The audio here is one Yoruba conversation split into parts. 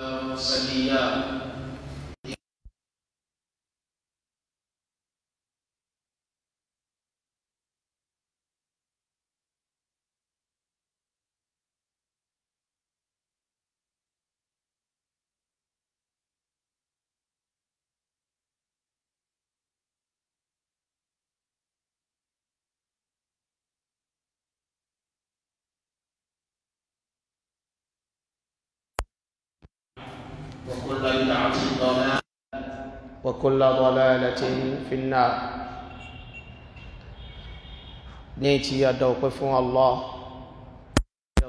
阿拉木汗。وكل بدعة ضلالة وكل ضلالة في النار نيتي دوقف الله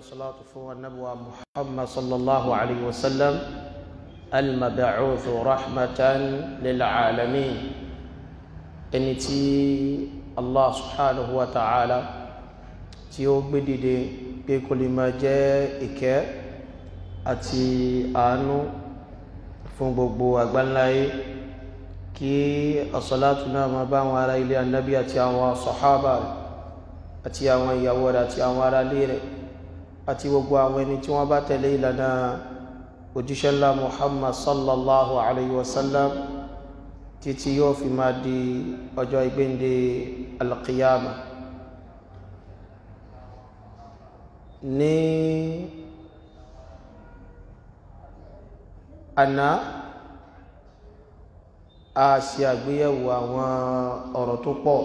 صلاة فوق النبوة محمد صلى الله عليه وسلم المبعوث رحمة للعالمين إنتي الله سبحانه وتعالى تيوب بديدي pé kò lè máa jẹ́ fún gbogbo àgbáńláyé kí as-salatu náà máa bá àwọn ará ilé anábì àti àwọn sàhábà rẹ̀ àti àwọn ìyàwó rẹ̀ àti àwọn ará ilé rẹ̀ àti gbogbo àwọn ẹni tí wọ́n bá tẹ̀lé ìlànà òjíṣẹ́ ńlá Muhammad sallallahu alayhi wa sallam títí yóò fi máa di ọjọ́ ìgbéǹde alqiyama ní أنا آسيا بيا و أرطوبة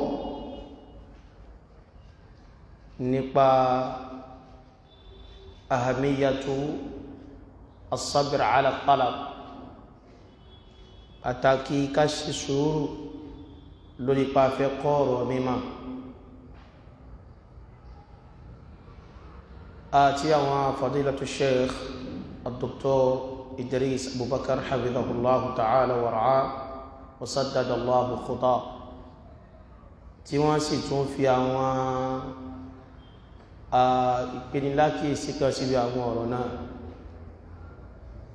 نبا أهمية الصبر على الطلب أتاكي كاشي سور لولي بافي قور وميما آتي فضيلة الشيخ الدكتور إدريس أبو بكر حفظه الله تعالى ورعاه وسدد الله خطاه tí wọ́n sì tún fi àwọn ìpenilákìsí kan síbi àwọn ọ̀rọ̀ náà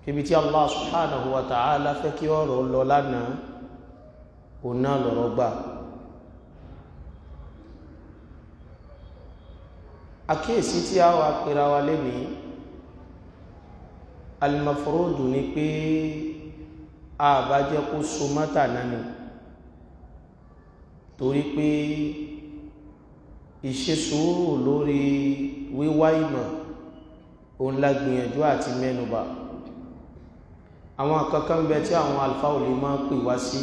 kíbi tí Allah subhanahu wa ta'ala fẹ́ kí ọ̀rọ̀ lọ lánàá òun náà lọ̀rọ̀ gbà àkíyèsí tí a wà pèrà wa lénìí alimaforodu ni pé àbájẹ́ kó so mọ́tà náà ni torí pé ìṣe sùúrù lórí wíwá ìmọ̀ òun la gbìyànjú àti mẹ́nubà àwọn kankan bẹ tí àwọn alfa ò máa pè wá sí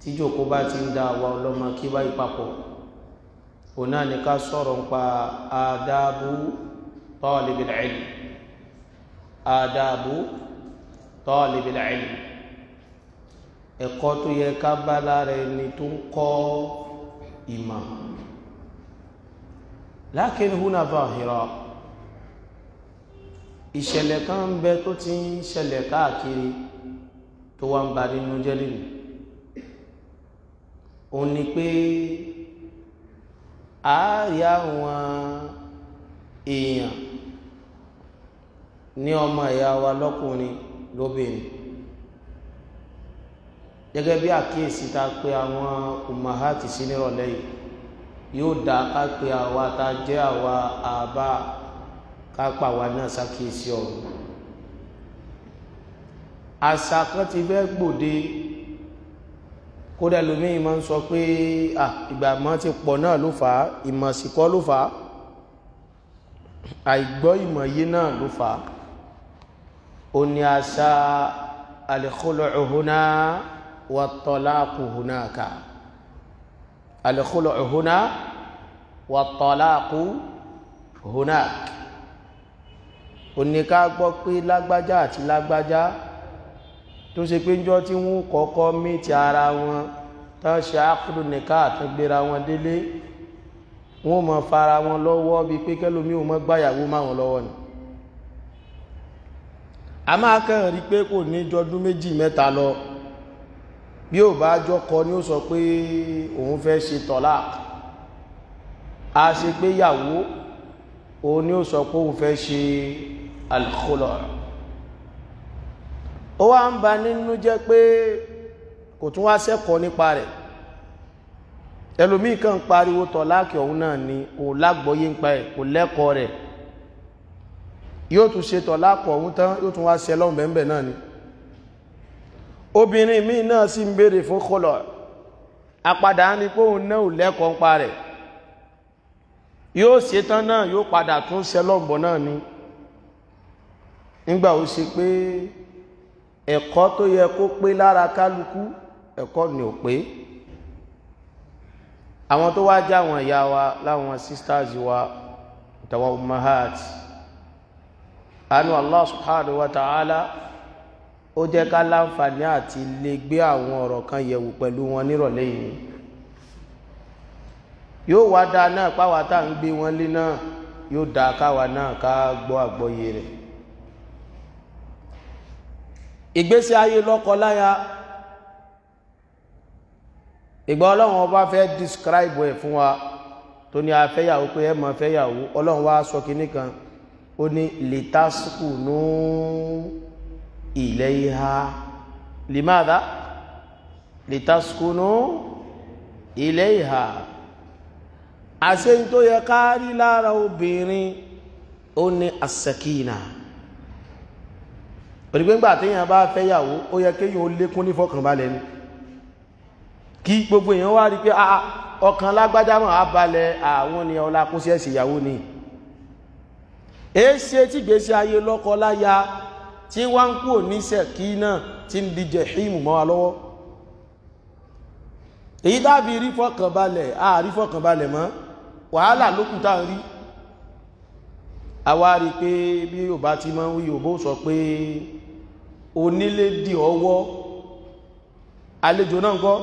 tíjòkó bá ti ń da àwa ọlọ́mọ kí bá ìpapọ̀ òun náà ni ká sọ̀rọ̀ nípa àdábù tọ́ọ̀lì bìlẹ̀ ẹ̀lì adabu طالب العلم، ẹ̀kọ́ tó yẹ ká bá lára ẹni tó ń kọ́ ìmọ̀ lakin huna zahira ìṣẹ̀lẹ̀ kan ń bẹ tó ti ń ṣẹlẹ̀ káàkiri tó wá ń ba nínú jẹ́ òun ni pé àárí àwọn èèyàn ní ọmọ ìyá wa lọ́kùnrin lóbìnrin gẹ́gẹ́ bí àkíyèsí tá a pé àwọn umahati sí nírọ̀lẹ́ yìí yóò dá ká pé àwa tá a jẹ́ àwa àbá ká pa àwa náà ṣàkíyèsí ọ̀hún àṣà kan ti fẹ́ gbòde kódà lómi máa ń sọ pé ìgbà mọ́ ti pọ̀ náà ló fà á ìmọ̀ síkọ́ ló fà á àìgbọ́ ìmọ̀ yìí náà ló fà á ó ní àṣà al-khulu'u huna wa talaqu hunaka al-khulu'u huna wa talaqu hunaka ó ní ká gbọ́ pé lágbájá àti lágbájá tó ṣe pé njọ́ tí wọ́n kọ́kọ́ ti ara wọn tán ṣe ákùdù nìka àtúngbéra wọn délé wọ́n mọ̀ fara wọn lọ́wọ́ bíi pé kẹ́lómi ò mọ́ gbáyàwó máwọn lọ́wọ́ ni a máa kàn rí pé kò ní jọdún méjì mẹ́ta lọ bí ò bá jọkọ ni ó sọ pé òun fẹ́ ṣe tọ́lá a ṣe pé yàwó òun ni ó sọ pé òun fẹ́ ṣe alkhola ó wá ń ba nínú jẹ́ pé kò tún wá sẹ́kọ̀ọ́ nípa rẹ̀ ẹlòmíì kan pariwo tọ́láàkì ọ̀hún náà ni kò lágbọ́yé ń pa ẹ̀ kò lẹ́kọ̀ọ́ rẹ̀ yóò tún ṣe tọ̀ lápọ̀ ọ̀hún tán yóò tún wá ṣe lọ́m̀bẹ̀m̀bẹ̀ náà ni obìnrin míì náà sì ń béèrè fún kọlọ̀ apadà ní pé òun náà lẹ́kọ̀ọ́ ń pa rẹ̀ yóò ṣe tán náà yóò padà tún ṣe lọ́m̀bọ̀ náà ni nígbà ó ṣe pé ẹ̀kọ́ tó yẹ kó pé lára kálukú ẹ̀kọ́ ni ò pé àwọn tó wá já ìyá wa láwọn sisters wa tàwọn mahati anu allah subhanahu wa ta'ala ó ka ká láǹfààní àti le gbé àwọn ọ̀rọ̀ kan yẹ̀wò pẹ̀lú wọn nírọ̀lẹ́ yìí yóò wá dáa náà páwa tá à lé náà yóò dáa káwa náà ká gbọ́ àgbọ́yé rẹ̀ ìgbésí ayé lọ́kọ láya ìgbà ọlọ́run ọba fẹ́ describe ẹ̀ fún wa tó ní afẹ́yàwó pé ẹ máa fẹ́yàwó ọlọ́run wá sọ kinní ó ní lításùkù ní ilẹ̀ ìhà lèmáàdá lításùkù ní ilẹ̀ ìhà àṣẹ́yìn tó yẹ káàrí lára obìnrin ó ní àṣẹ́kìnà òdìgbéngbà téèyàn bá fẹ́yàwó ó yẹ kéèyàn ó lékún ní fọkànbalẹ̀ ni kí gbogbo èèyàn wá rí pé ah, ah, ọkàn lágbájámọ̀ á àwọn ènìyàn ọlá kún sí ẹ̀sì ìyàwó ni èéṣe tí gbèsè ayé lọ́kọ láya tí wá ń kúrò níṣẹ́ kí náà tí ń di jẹ̀hímù mọ́ wa lọ́wọ́ èyí dábí rí fọ́kànbalẹ̀ àárí fọ́kànbalẹ̀ mọ́ wàhálà lókùtà rí àwa rí pé bí bá ti máa ń wí òbó sọ pé onílé di ọwọ́ Alejo náà kọ́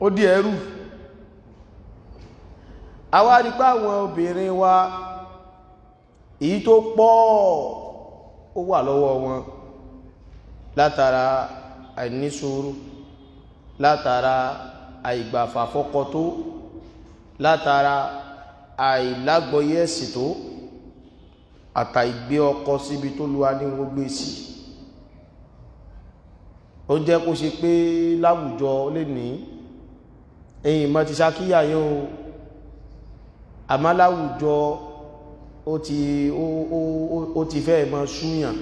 ó di ẹrù àwa rí pé àwọn obìnrin wa èyí tó pọ̀ ó wà lọ́wọ́ wọn látara àìnísùúrù látara àìgbàfàfọ́kọ tó látara àìlágbọ́yẹ̀sì tó àtàìgbé ọkọ síbi tó lu aníwó gbé sí ó jẹ́ kó ṣe pé láwùjọ lè ní èyí mọ́ ti ṣàkíyà yóò àmá láwùjọ ó ti ó ti fẹ́ mọ́ ṣúyàn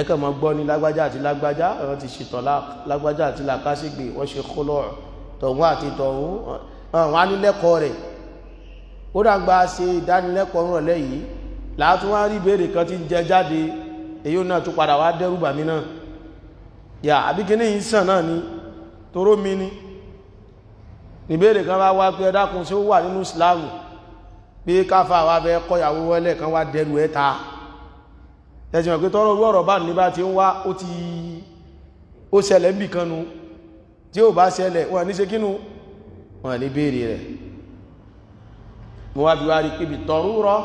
ẹkẹ́ mọ́ gbọ́ ní lágbájá àti lágbájá ẹ̀rọ ti ṣètọ̀ lágbájá àti làkásígbè wọ́n ṣe kọ́lọ̀ tọ̀hún àti tọ̀hún àwọn anilẹ́kọ̀ọ́ rẹ̀ ó dàgbà ṣe ìdánilẹ́kọ̀ọ́ rọ̀ lẹ́yìí látún wá rí ìbéèrè kan ti ń jẹ jáde èyí náà tún padà wá dẹ́rùbà mí bá wá pé ẹ dákun ó wà nínú Islam pé káfà wá bẹ́ kọ́yàwó wọ́lẹ̀ kan wá dẹnu ẹta ẹ̀sìn ọ̀pẹ́ tọ́rọ orú ọ̀rọ̀ bá ní bá ti ń wá ó ti ó ṣẹlẹ̀ ń bì tí ó bá ṣẹlẹ̀ wọ́n ní ṣe kínú wọ́n ní béèrè rẹ̀ mo wá bí wá rí pébi tọrú rọ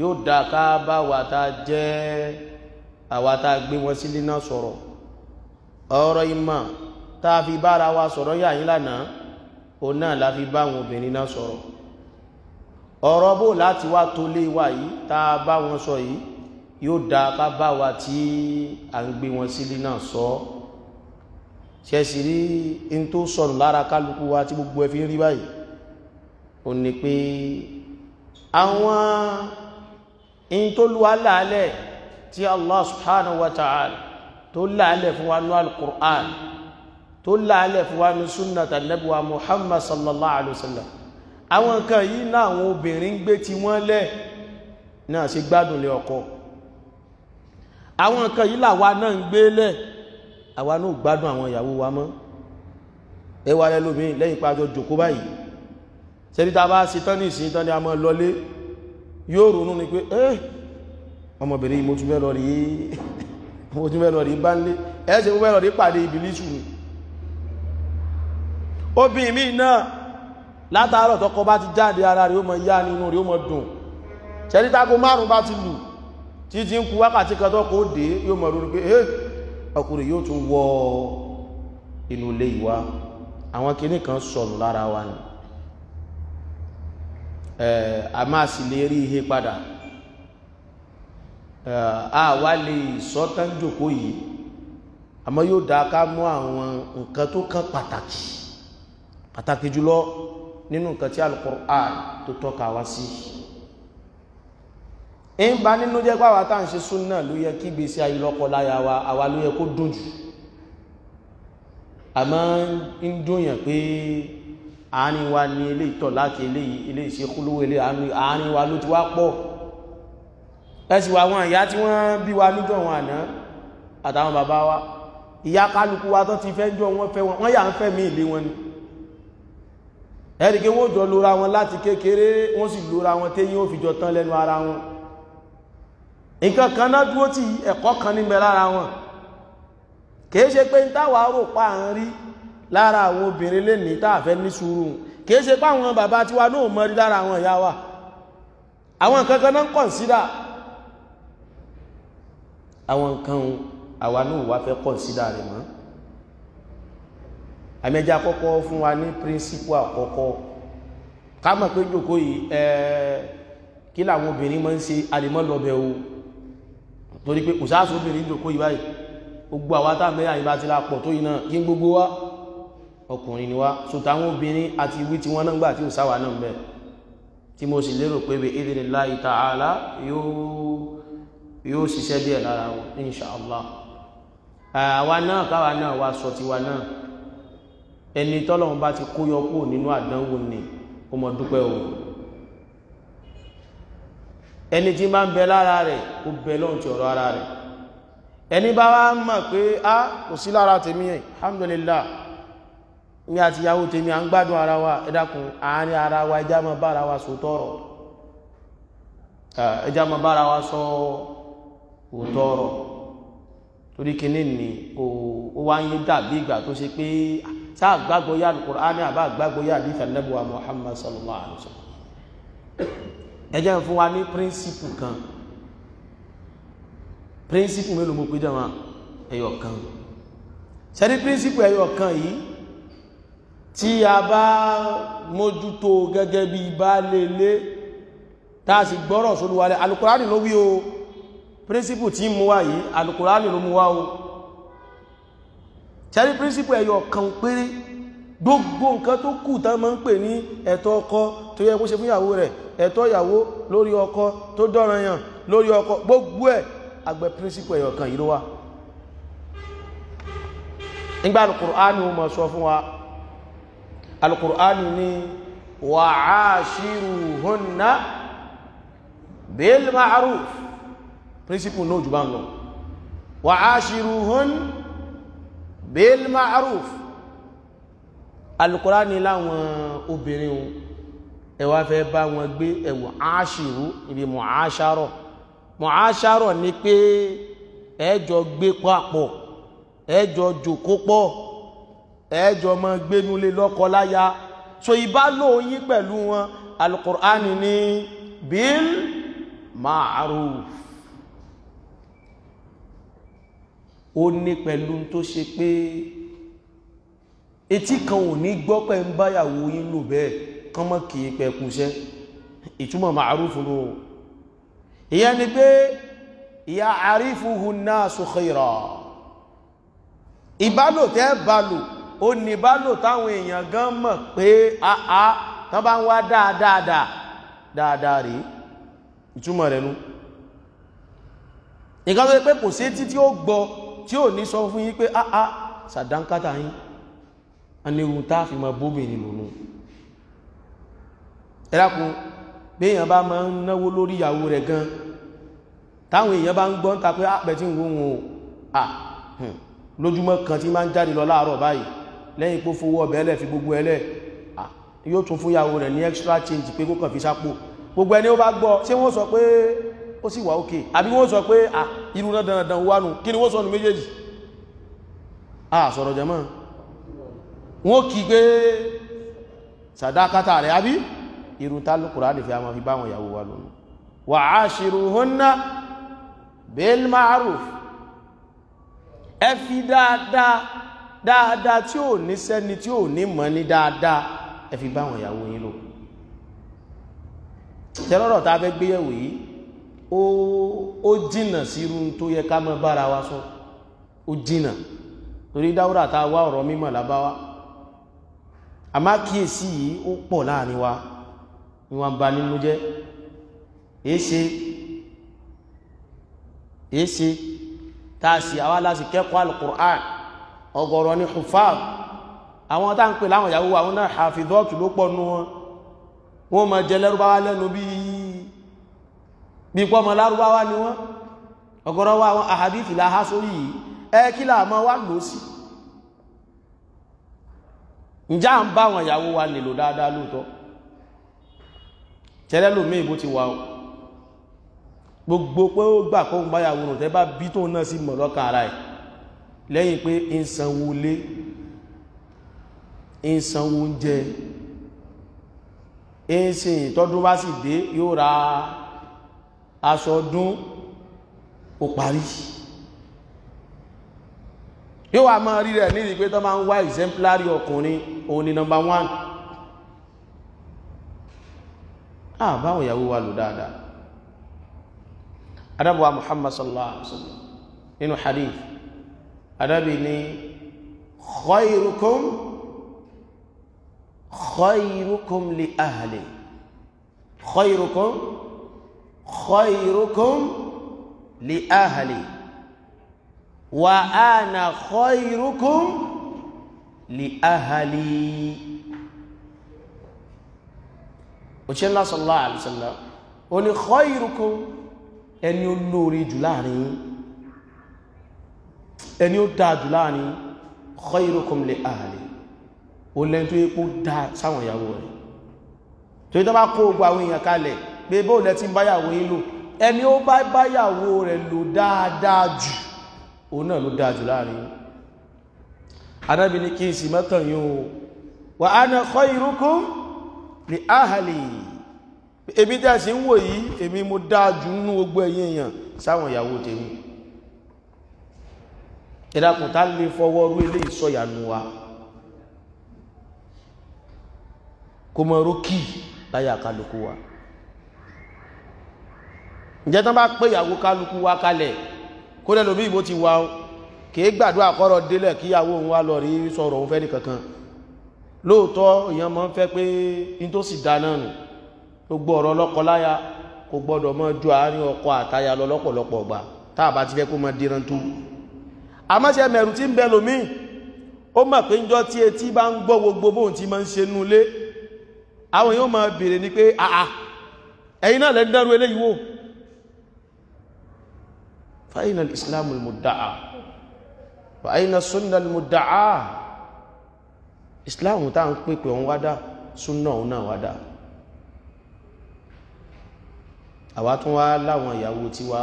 yóò dá ká bá wàtá jẹ́ àwàtá gbé wọn sílé náà sọ̀rọ̀ ọ̀rọ̀ ìmọ̀ tá a fi bára wa sọ̀rọ̀ yà yín lánàá òun náà la fi bá àwọn obìnrin náà sọ̀rọ̀ ọ̀rọ̀ bó láti wá tó lé wà yìí tá a bá wọn sọ yìí yóò dá bá bá wa tí a ń gbé wọn sílé náà sọ ṣẹ̀sì rí in tó sọnù lára kálukú wa tí gbogbo ẹ fi rí báyìí ó ní pé àwọn in tó lúwa láàlẹ̀ tí Allah subhanahu wa ta'ala tó láàlẹ̀ fún wa ní al-Qur'an tó láàlẹ̀ fún wa ní sunnata nabuwa Muhammad sallallahu alaihi wasallam àwọn nǹkan yìí náà àwọn obìnrin ń gbé ti wọ́n lẹ̀ náà ṣe gbádùn lé ọkọ àwọn nǹkan yìí làwa náà ń gbé lẹ̀ àwa náà gbádùn àwọn ìyàwó wa mọ́ ẹ wà lẹ́ lómi lẹ́yìn pàjọ jòkó báyìí ṣebí tá bá ṣe tán ní ìsìn tán obìnrin míì náà látàárọ̀ tọkọ bá ti jáde ara rẹ̀ ó mọ yá nínú rẹ̀ ó mọ dùn ṣẹ́rí tágo márùn bá ti lù tí ti ń kú wákàtí kan tọ́kọ ó dé yóò mọ̀ lórí pé eh ọkùnrin yóò tún wọ inú ilé ìwá àwọn kinní kan sọnù lára wa ni a máa sì lè rí ihe padà a wá lè sọ́tán yìí àmọ́ yóò dá ká mú àwọn nǹkan tó kàn pàtàkì pàtàkì jùlọ nínú nǹkan tí alukur'an tó tọ́ka wá sí ń bá nínú jẹ́ pàwà tá à ń ṣe súnà ló yẹ kí gbèsè ayílọ́kọ láyà wa àwa ló yẹ kó dùn jù àmọ́ ń dùnyàn pé àárín wa ni ilé ìtọ̀ láti ilé ilé ìṣekúlówó ilé àárín wa ló ti wá pọ̀ ẹ̀sì wà wọn ìyá tí wọ́n bí wa níjọ́ wọn àná àtàwọn bàbá wa ìyá kálukú wa tó ti fẹ́ jọ wọn fẹ́ wọn yà ń fẹ́ mí ilé wọn ni ẹ̀rì kí wọ́n jọ lóra wọn láti kékeré wọ́n sì lóra wọn tí yíò fi jọ tán lẹ́nu ara wọn nǹkan kan náà dúró tí ẹ̀kọ́ kan ní bẹ lára wọn kìí ṣe pé táwa rò pa à ń rí lára àwọn obìnrin lẹ́ni táàfẹ́ ní sùúrù kìí ṣe pé àwọn bàbá tiwa náà mọ́ rí lára àwọn ìyá wa àwọn nǹkan kan náà ń kọ̀nsídà àwọn nǹkan àwa náà wá fẹ́ kọ̀nsídà rẹ̀ mọ́ àmẹ́já kọ́kọ́ fún wa ní príncipù àkọ́kọ́ ká mọ̀ pé jòkó yìí ẹ̀ẹ́ kí làwọn obìnrin mọ́ ń ṣe alìmọ́ lọ́bẹ̀ o torí pé kò sáàsù obìnrin jòkó yìí báyìí gbogbo àwa tá mẹ́rin àyíbá ti la pọ̀ tó yìí náà kí ń gbogbo wa ọkùnrin ni wa so táwọn obìnrin àti ìwé tí wọ́n náà gbà tí ò sáwà náà mẹ́ tí mo sì lérò pé bí idhnillahi ta'ala yóò ṣiṣẹ́ díẹ̀ lára wọn insha Allah àwa náà káwa náà wa sọ tiwa náà ẹni tọ́lọ́run bá ti kó yọ kúrò nínú àdánwò ni kó mọ dúpẹ́ o ẹni tí bá ń bẹ lára rẹ̀ kó bẹ lọ́run ti ọ̀rọ̀ ara rẹ̀ ẹni bá wá mọ̀ pé a kò sí lára tèmi ẹ̀ alhamdulillah ní àti ìyàwó tèmi à ń gbádùn ara wa ẹ dákun àárín ara wa ẹjá mọ bára wa sòótọ́ ọ̀rọ̀ ẹjá mọ bára wa sọ òótọ́ torí kíní ni ó wá dàbí ìgbà tó ṣe pé sáà gbàgbọ́ yá alukur'ani àbá gbàgbọ́ yá àdìsí anábùwà muhammad sallallahu alayhi wa sallam ẹ jẹ́ fún wa ní píríncípù kan píríncípù mélòó mo pé jẹ́wọ́n ẹyọ kan sẹ́ni píríncípù ẹyọ kan yìí tí a bá mójútó gẹ́gẹ́ bí baálé ilé tá a sì gbọ́rọ̀ sóluwalẹ̀ alukur'ani ló wí o píríncípù tí ń mú wa yìí alukur'ani ló mú wa o. ṣẹ́rí príncipù ẹ̀yọ kan péré gbogbo nǹkan tó kù tán máa pe pè ní ẹ̀tọ́ ọkọ tó yẹ kó ṣe fún ìyàwó rẹ̀ ẹ̀tọ́ ìyàwó lórí ọkọ tó dọ́ranyàn ọkọ gbogbo ẹ̀ àgbẹ̀ príncipù ẹ̀yọ kan yìí ló ma nígbà alukùránì ó máa sọ wa alukùránì ní na bil ma'ruf príncipù náà jù bá ń lọ wa'ashiruhunna bil ma'ruf alukura ni láwọn obìnrin o ẹ wá fẹ́ bá wọn gbé ẹ̀wọ̀n aṣìrú ibi mu'asharah mu'asharah ni pé ẹ jọ gbé papọ̀ ẹ jọ jòkó pọ̀ ẹ jọ gbénulé lọ́kọ láya so ìbálò yín pẹ̀lú wọn alukur'ani ni bil ó ní pẹ̀lú tó ṣe pé etí kan ò ní gbọ́ pé ń báyàwó yín lò bẹ́ẹ̀ kán mọ́ kì í pẹ̀kúṣẹ́ ìtumọ̀ ma'arúfù ló ìyá ni pé ìyá àrífúhun náà sùkìrà ìbálò tẹ́ bálò ó ní bálò táwọn èèyàn gan mọ̀ pé àá tán bá ń wá dáadáa dáadáa rí ìtumọ̀ rẹ̀ nú nǹkan tó pé kò sí títí ó gbọ́ tí ò ní sọ fún yín pé áá ah, ah, sàdánkátà yín anírun tá fi ma bóbi ni lòlò ẹlákun béèyàn bá máa ń náwó lórí ìyàwó rẹ̀ gan táwọn èèyàn bá ń gbọ́n ta pé àpẹ ah, tí ń wo wọn à lójúmọ́ kan tí máa ń jáde lọ láàárọ̀ báyìí lẹ́yìn pó fowó ọbẹ̀ ẹlẹ́ fi gbogbo ẹlẹ́ yóò tún fún ìyàwó rẹ̀ ní extra change pé kó kàn fi sápò gbogbo ẹni ó bá gbọ́ ṣé wọ́n sọ pé ó sì wà ókè àbí wọ́n sọ pé à irú náà dandan wánu kí ni wọ́n sọ nù méjèèjì à sọ̀rọ̀ jẹ́mọ́ wọ́n kí pé sàdákátà rẹ̀ àbí irú tálùkùrá nìfẹ́ a máa fi báwọn ìyàwó wa lónìí wa ashiruhunna bil ma'ruf ẹ fi dáadáa dáadáa tí ò ní sẹ́ni tí ò ní mọ̀ ní dáadáa ẹ fi báwọn ìyàwó yín lò tẹ́lọ́rọ̀ tá fẹ́ gbéyẹ̀wò yìí ó ó jìnà sí irú tó yẹ ká mọ bára wa sọ ó jìnà torí dáwúrà tá wá ọ̀rọ̀ mímọ̀ lábáwá àmá kíyèsí yìí ó pọ̀ láàrin wa ni wọ́n ba nínú jẹ́ èéṣe èéṣe tààsì àwọn aláṣì kẹ́kọ̀ọ́ al-Qur'an ọgọ̀rọ̀ ní hufab àwọn tá ń pè láwọn ìyàwó àwọn náà hafidọ́ọ̀tù ló pọ̀ nú wọn wọ́n ma jẹ lẹ́rú lẹ́nu bíi bí pọ́ ọmọ ni wọ́n ọ̀gọ̀rọ̀ wa àwọn àhàdìtì láhá sórí yìí wá lò sí ń bá ìyàwó wa nílò dáadáa lóòótọ́ tẹ́lẹ̀ lómi ìbò ti wà gbogbo pé ó gbà kó ń bá ìyàwó rùn tẹ́ bá bí tó náà sí mọ̀ lọ́kàn ara ẹ̀ lẹ́yìn pé ra aṣọ ọdún ó parí yóò wà máa rí rẹ̀ nídìí pé tó máa ń wá exemplary ọkùnrin òun ni number one ah báwọn ìyàwó wa lò dáadáa adábọ̀wà muhammad sallallahu alaihi hadith adábi ni khairukum khairukum li ahli khairukum khayrukum li ahli wa ana khayrukum li ahli òṣìṣẹ́ ńlá sallallahu alaihi wasallam ó ní khayrukum ẹni ó lóore jù láàrin ẹni ó dáa jù láàrin khayrukum li ahli ó lẹ́ni tó yẹ kó dáa sáwọn ìyàwó rẹ̀ tó yẹ tó bá kó gbogbo àwọn èèyàn kalẹ̀ pé bóò lẹ́ ti ń báyàwó yín lò ẹni ó bá báyàwó rẹ̀ lò dáadáa jù òun náà ló dáa jù láàrin anábì ní kí sì mọ́tàn yín o wa ana khayrukum li ahli ebi tí a sì ń wò yìí èmi mo dáa jù nínú gbogbo ẹ̀yin èèyàn sáwọn ìyàwó tèmi ìdákùn tá lè fọwọ́ rú ilé ìsọ̀yànú wa kò mọ̀ rókì láyà kálukú wa ǹjẹ́ tán bá pé ìyàwó kálukú wá kalẹ̀ kó lẹ́nu bí ìbò ti wá o kìí gbàdúrà kọ́rọ̀ délẹ̀ kí ìyàwó òun wá lọ rí sọ̀rọ̀ òun fẹ́ ní kankan lóòótọ́ èèyàn máa ń fẹ́ pé in tó sì dáná nù gbogbo ọ̀rọ̀ ọlọ́kọ láya kò gbọ́dọ̀ a bá ti fẹ́ àwọn èèyàn máa béèrè ni pé àà ẹ̀yin náà lẹ́ eléyìí wò فأين الإسلام المدعى فأين السنة المدعى Islam tá ń pè pé òun wádá súnà òun náà wádá àwa tún wá láwọn ìyàwó tí wá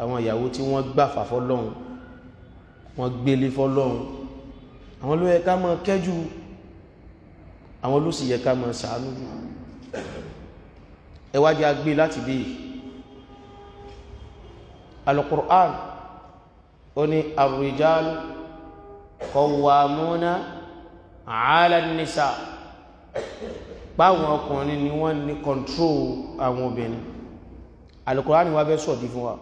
àwọn ìyàwó tí wọ́n gbàfà fọ́lọ́hun wọ́n gbélé fọ́lọ́hun àwọn ló ká máa kẹ́jú àwọn ló ká máa ṣàánú jù ẹ wá jẹ́ agbé alukur'an ó ní ar-rijal qawwamuna 'ala an-nisa báwọn ọkùnrin ni wọ́n ní control àwọn obìnrin alukur'an wa bẹ́ sọ̀dí fún wa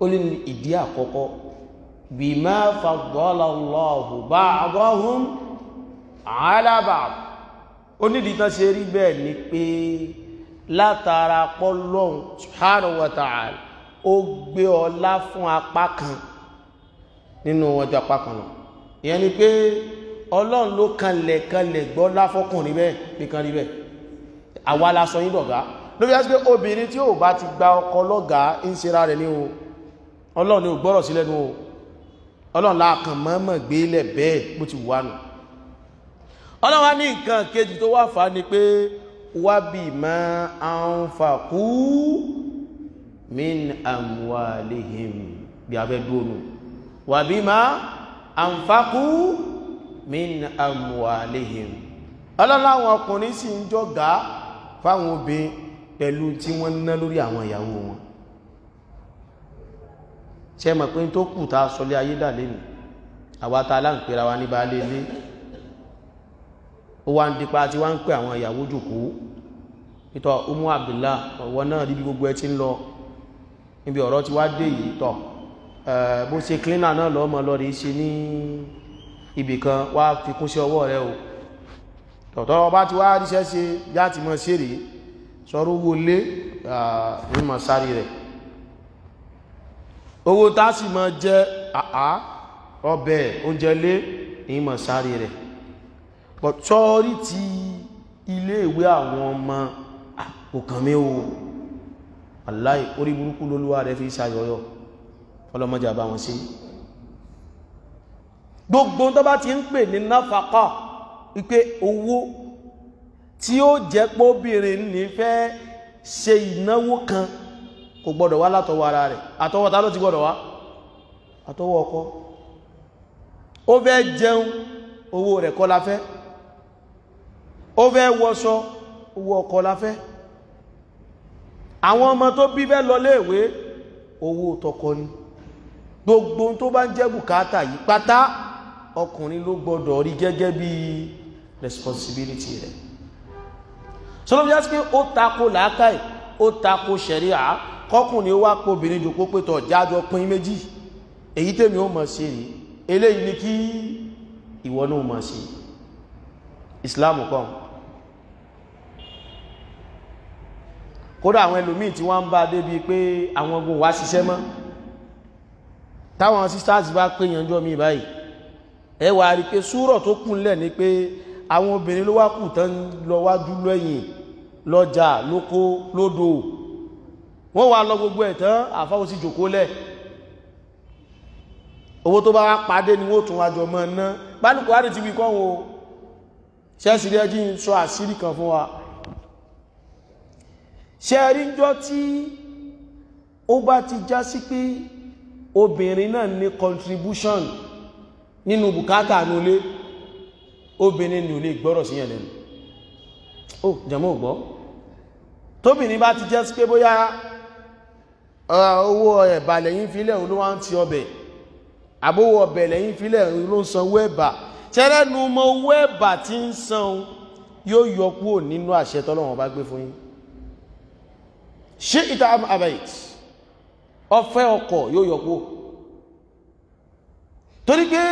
ó ní ìdí àkọ́kọ́ bima faddala Allahu ba'dahum 'ala ba'd onídìí tán ṣe rí bẹ́ẹ̀ ni pé látara pọ́lọ́hun subhanahu wa ó gbé ọlá fún apá kan nínú ọjọ́ apá kan lọ ìyẹn ni pé ọlọ́run ló kanlẹ̀ kanlẹ̀ gbọ́ láfọ́kùnrin bẹ́ẹ̀ nìkan rí bẹ́ẹ̀ àwa la sọ yín dọ̀gá ló fi pé obìnrin tí ò bá ti gba ọkọ lọ́gàá ń ṣera rẹ̀ ní o ọlọ́run ni ò gbọ́rọ̀ sí lẹ́nu o ọlọ́run láàkàn mọ́mọ̀ gbé lẹ̀ bẹ́ẹ̀ bó ti wà nù ọlọ́run wá ní nǹkan kejì tó wà fà ni pé wábì máa ń fà kú min amwalihim bí a fẹ́ dúnú wà bima anfaqu min amwalihim ọlọ́láwọn ọkùnrin sì ń jọ́gá fáwọn obìnrin pẹ̀lú tí wọ́n ná lórí àwọn ìyàwó wọn ṣe mọ̀ pé tó kù ta sọlé ayé dà lẹ́nu àwátá aláǹpẹ́ra wa ní bá lé lé ó wá ń dípa tí wá ń pè àwọn ìyàwó jòkó pítọ̀ umu abdullah ọ̀wọ́ náà níbi gbogbo ẹ ti ń lọ níbi ọ̀rọ̀ ti wá dé yìí tọ̀ bó ṣe cleaner náà lọ́mọ lọ́rẹ̀ ṣe ní ibì kan wá fi kún sí ọwọ́ rẹ̀ o tọ̀tọ̀ ọba ti wá ríṣẹ́ ṣe yá ti mọ̀ sí rèé sọ́rọ̀ owó lé mímọ̀ sáré rẹ̀ owó tá sì jẹ́ àá ọbẹ̀ oúnjẹ lé mímọ̀ sáré rẹ̀ pọ̀tọ́rí ti ilé ìwé àwọn ọmọ àpòkànmí o aláì orí burúkú lólúwà rẹ̀ fi ṣayọyọ ọlọ́mọdé àbá wọn sí gbogbo tó bá ti ń pè ní náfàkà wípé owó tí ó jẹ́ póbìnrin ní fẹ́ ṣe ìnáwó kan kò gbọ́dọ̀ wá látọwọ́ ara rẹ̀ àtọwọ́ ta ló ti gbọ́dọ̀ wá àtọwọ́ ọkọ ó fẹ́ jẹun owó rẹ̀ kọ́ la fẹ́ ó fẹ́ wọṣọ owó ọkọ la fẹ́ àwọn ọmọ tó bí fẹ́ lọ léèwé owó tọkọ ni gbogbo tó bá ń jẹ́ bùkátà yìí pátá ọkùnrin ló gbọ́dọ̀ rí gẹ́gẹ́ bí responsibility rẹ̀ sọlọ́bí yásí pé ó tako làákàì ó tako ṣẹ̀ríà kọkùnrin wá kó obìnrin jòkó pétọ̀ jájọ pín méjì èyí tèmi ó mọ̀ sí rí eléyìí ni kí ìwọ náà mọ̀ sí Islam kan kódà àwọn ẹlòmíì tí wọ́n ń bá débi pé àwọn ogun wá ṣiṣẹ́ mọ́ táwọn sisters bá pé yanjọ́ mi báyìí ẹ wà rí pé súrọ̀ tó kúnlẹ̀ ni pé àwọn obìnrin ló wá kù tán lọ wá dúró ẹ̀yìn lọ́jà lóko lódò wọ́n wá lọ gbogbo ẹ̀ àfáwọ́ sí jòkó owó tó bá wá pàdé ni wọ́n tún wá jọ mọ́ ná bá ní kò wá rí ti wí kọ́ wọn o ẹjí ń sọ àṣírí kan fún wa ṣe ríjọ́ tí ó bá ti já sí pé obìnrin náà ní contribution nínú bùkátà nulé obìnrin ni ò lè gbọ́rọ̀ sí yẹn lẹ́nu ó jẹmọ́ ògbọ́ tóbìnrin bá ti jẹ́ sí pé bóyá owó ẹ̀bà lẹ́yìn fílẹ̀ ló wá ń ti ọbẹ̀ àbówó ọbẹ̀ lẹ́yìn fílẹ̀ ló ń sanwó ẹ̀bà tẹ́lẹ̀nu mọ owó ẹ̀bà tí ń san yóò yọ kúrò nínú àṣẹ tọ́lọ́wọ́n bá gbé fún yín ṣé ìta abait ọfẹ́ ọkọ̀ yóò yọkó torí pé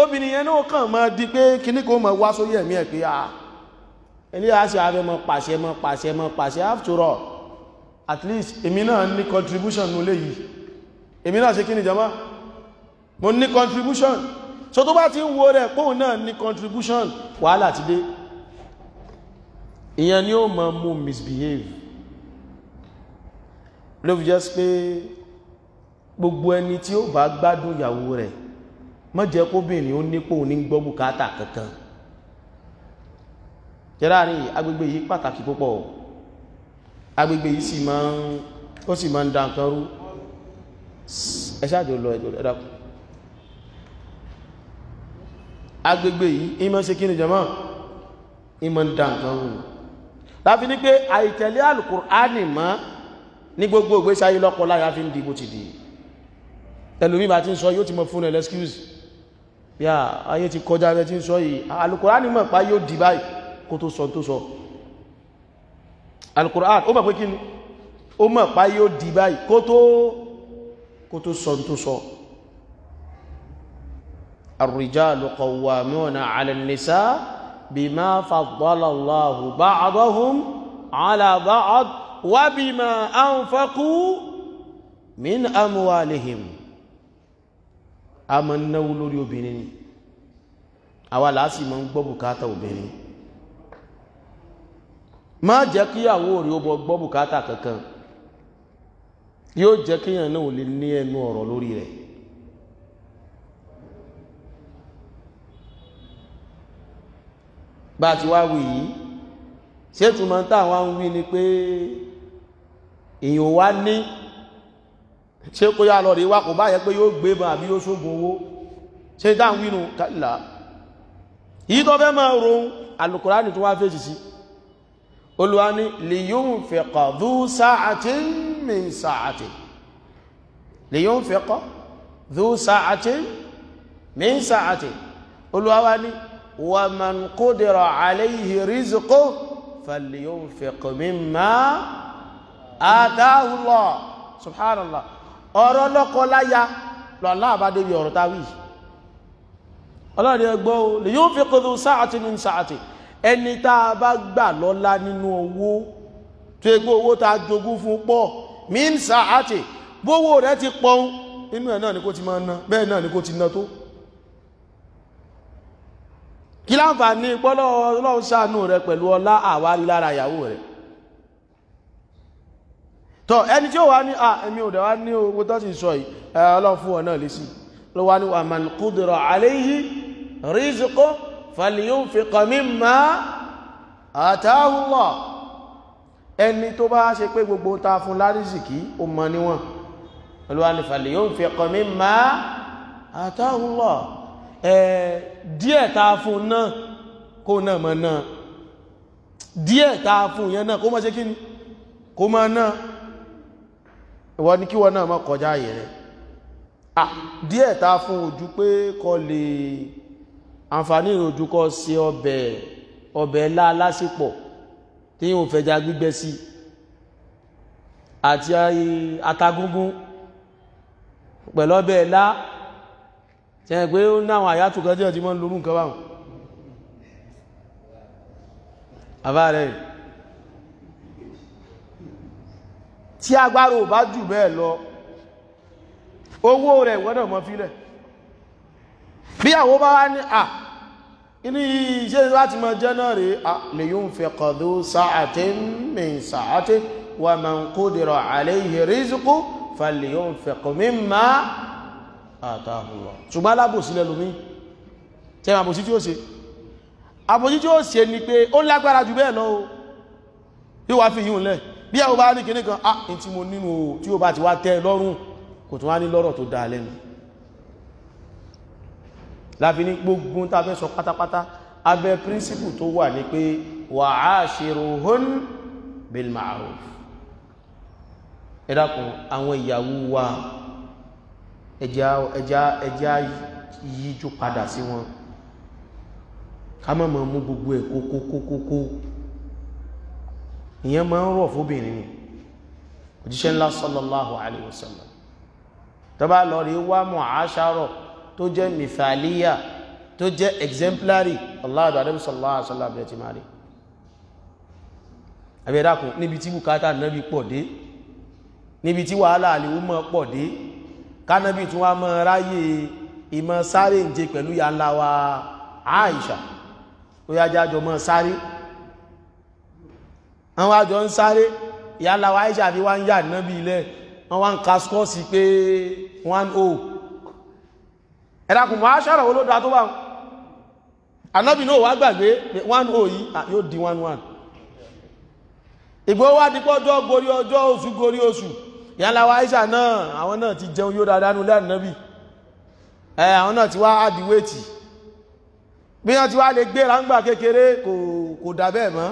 obìnrin yẹn náà kàn máa di pé kíní kó máa wá sórí ẹ̀mí ẹ̀ pé a ilé àṣẹ afẹ́ mọ pàṣẹ mọ pàṣẹ mọ pàṣẹ after all at least èmi náà ní contribution nú lè yìí èmi náà ṣe kí ni jama mo ní contribution so tó bá ti ń wo rẹ̀ kóhùn náà ní contribution wàhálà ti dé ìyẹn ni ó máa mú misbehave ló fi jẹ́ sí pé gbogbo ẹni tí ó bá gbádùn ìyàwó rẹ̀ má jẹ́ kóbìnrin ó nípò ní gbọ́ bùkátà kankan jẹ́láàrin agbègbè yìí pàtàkì púpọ̀ agbègbè yìí sì máa ń ó rú ẹ̀ṣáàjò lọ ẹ̀dàkùn agbègbè yìí ìmọ̀ ṣe kí ni ìmọ̀ ń rú láfi ní pé àìtẹ̀lé Al-Qur'ani ní gbogbo ìgbésí ayé lọ́kọ láya fi ń di bó ti di ẹlòmí bá ti ń sọ yóò ti mọ fún ẹlẹ́ excuse bí a ayé ti kọjá rẹ ti ń sọ yìí Al-Qur'an mọ̀ pa yóò di báyìí kó tó sọ tó sọ Al-Qur'an ó mọ̀ pé kí ni ó mọ̀ pa yóò di báyìí kó tó sọ tó sọ wábìmọ̀ àǹfàkú min amwalihim a ma náwó lórí obìnrin ni àwa láásì ma ń gbọ́ bùkátà obìnrin má jẹ́ kí àwọ orí ó gbọ́ bùkátà kankan yóò jẹ́ kí èèyàn náà lè ní ẹnu ọ̀rọ̀ lórí rẹ̀ bá ti wá wí yìí ṣé túnmọ̀ táwọn ń wí ni pé èyàn wá ní ṣe kó yá lọ rí wá kò bá yẹ pé yóò gbé bá àbí yóò ṣógun owó ṣe dáwínú kàílà yìí tó fẹ́ máa rohun alùkùránì tó wá fèsì sí olúwa ní liyunfiqa dhu sa'atin min sa'ati liyunfiqa dhu sa'atin min sa'ati olúwa wá ní wa man qudira alayhi rizquhu falyunfiq mimma àdáhùlọ̀ subhanallah ọ̀rọ̀ lọ́kọláya lọ́lá àbádé bí ọ̀rọ̀ táwì ọlọ́rin ẹgbọ́ lè yóò fi kọ́ sáàtì ní sáàtì ẹni tá a bá gbà lọ́lá nínú owó tó ẹgbẹ́ owó tá a jogún fún pọ̀ min sáàtì bówó rẹ̀ ti pọ́n inú ẹ̀ náà ni kó ti máa ná bẹ́ẹ̀ náà ni kó ti ná tó kí láǹfà ní pọ́lọ́ ọlọ́run ṣàánú rẹ̀ pẹ̀lú ọlá àwárí lára ìyàwó rẹ̀ tọ́ ẹni tí ó wá ní à ẹ̀mí ò dẹ̀wá ní owó tó sì sọ yìí ọlọ́run fún ọ̀nà lè sí ló wá ní waman qudira alayhi rizqu falyunfiq mimma atahu Allah ẹni tó bá ṣe pé gbogbo ta fún lárísìkí ó mọ níwọ̀n ló wá ní falyunfiq mimma atahu Allah ẹ̀ díẹ̀ ta fún náà kó náà mọ̀ náà díẹ̀ ta fún yẹn náà kó mọ́ ṣe kí ni kó mọ́ náà ìwọ ni kí wọ́n náà mọ́ kọjá àyè rẹ̀ ah díẹ̀ ta fún ojú pé kọ lè àǹfààní ìròjú kọ ṣe ọbẹ̀ ọbẹ̀ ńlá lásìpọ̀ tí yóò fẹja gbígbẹ sí àti atagúngún pẹ̀lú ọbẹ̀ ńlá tí pé ó náwọn àyàtò kan tí ọ̀ mọ́ lórú nǹkan báwọn àbá rẹ̀ tí agbára ò bá jù bẹ́ẹ̀ lọ owó rẹ̀ wọ́dọ̀ mọ́ fílẹ̀ bí àwọn bá wá ní à inú iṣẹ́ láti mọ jẹ́ náà rèé à lè yóò fẹ́ kọ̀dọ̀ sáàtẹ́ min sáàtẹ́ wà man qudira alayhi rizqu falè yóò fẹ́ kọ̀ mí má àtàhùwà ṣùgbọ́n alábòsílẹ̀ lómi bí ẹ̀ bá ní kìíní kan ah in tí mo nínú o tí ó bá ti wá tẹ́ lọ́rùn kò tún wá ní lọ́rọ̀ tó dáa lẹ́nu láfi ní gbogbo tá sọ pátápátá abẹ́ príncipù tó wà ní pé wa aashiruhun bil ma'ruf ẹ dákun àwọn wa ẹjá ẹjá ẹjá yíjú padà sí wọn ká mọ̀ mọ̀ mú gbogbo ìyẹn máa ń rọ̀ fóbìnrin ni òjíṣẹ́ ńlá sallallahu alaihi wasallam tọ́bá lọ rí wá mu'ashara tó jẹ́ mithaliya tó jẹ́ exemplary ọláàdọ̀ adébí sallallahu alaihi wasallam ti máa rí abẹ́dàkùn níbi tí bùkátà nábi pọ̀ dé níbi tí wàhálà àlèwú mọ́ pọ̀ dé kánábì tún wá mọ́ ráyè ìmọ̀ àwọn àjọ ń sáré ìyálà wa Aisha fi wá ń yà náà bí ilẹ̀ wọ́n wá ń ka skọ́ọ̀sì pé 1-0 ẹ̀dàkùn mọ́ aṣọ́rọ̀ olódà tó bá ń anábì náà wá gbàgbé 1-0 yìí yóò di 1-1 ìgbó wá dípọ́ ọjọ́ gorí ọjọ́ oṣù gorí oṣù ìyálà wa Aisha náà àwọn náà ti jẹun yóò dáadáa nulẹ̀ nábì àwọn náà ti wá àdìwẹ̀tì bí wọ́n ti wá lè gbéra ń gbà kékeré kò dà mọ́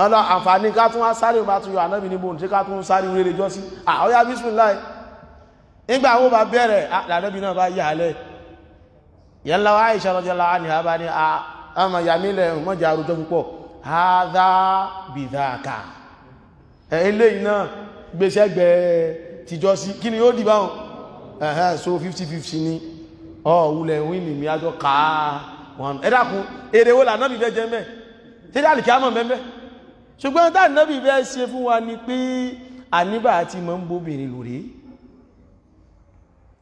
ọlọ àǹfààní ká tún wá sáré bá tún yọ ànábì níbo ṣe ká tún sáré orí lè jọ sí àọ́yá bísmìláì nígbà wo bá bẹ̀rẹ̀ ànábì náà bá yà lẹ̀ yẹn lọ Àìṣà rọjọlá ní àbá ní àmà yàmílẹ̀ mọ́jà àrùjọ púpọ̀ hádá bìdáàkà eléyìí náà gbèsè gbẹ tìjọ sí kí ni yóò dìbà hàn so 50-50 ni ọ̀wulẹ̀ wíìnì mi àjọ kàá ẹ̀dàkùn èrè wo lànà bìbẹ́ jẹ́ mẹ́ tí dálì kí á mọ̀ mẹ́mẹ́ ṣùgbọ́n tá nábì bẹ́ẹ̀ ṣe fún wa ni pé àníbà àti mọ́ ń bóbìnrin lòrè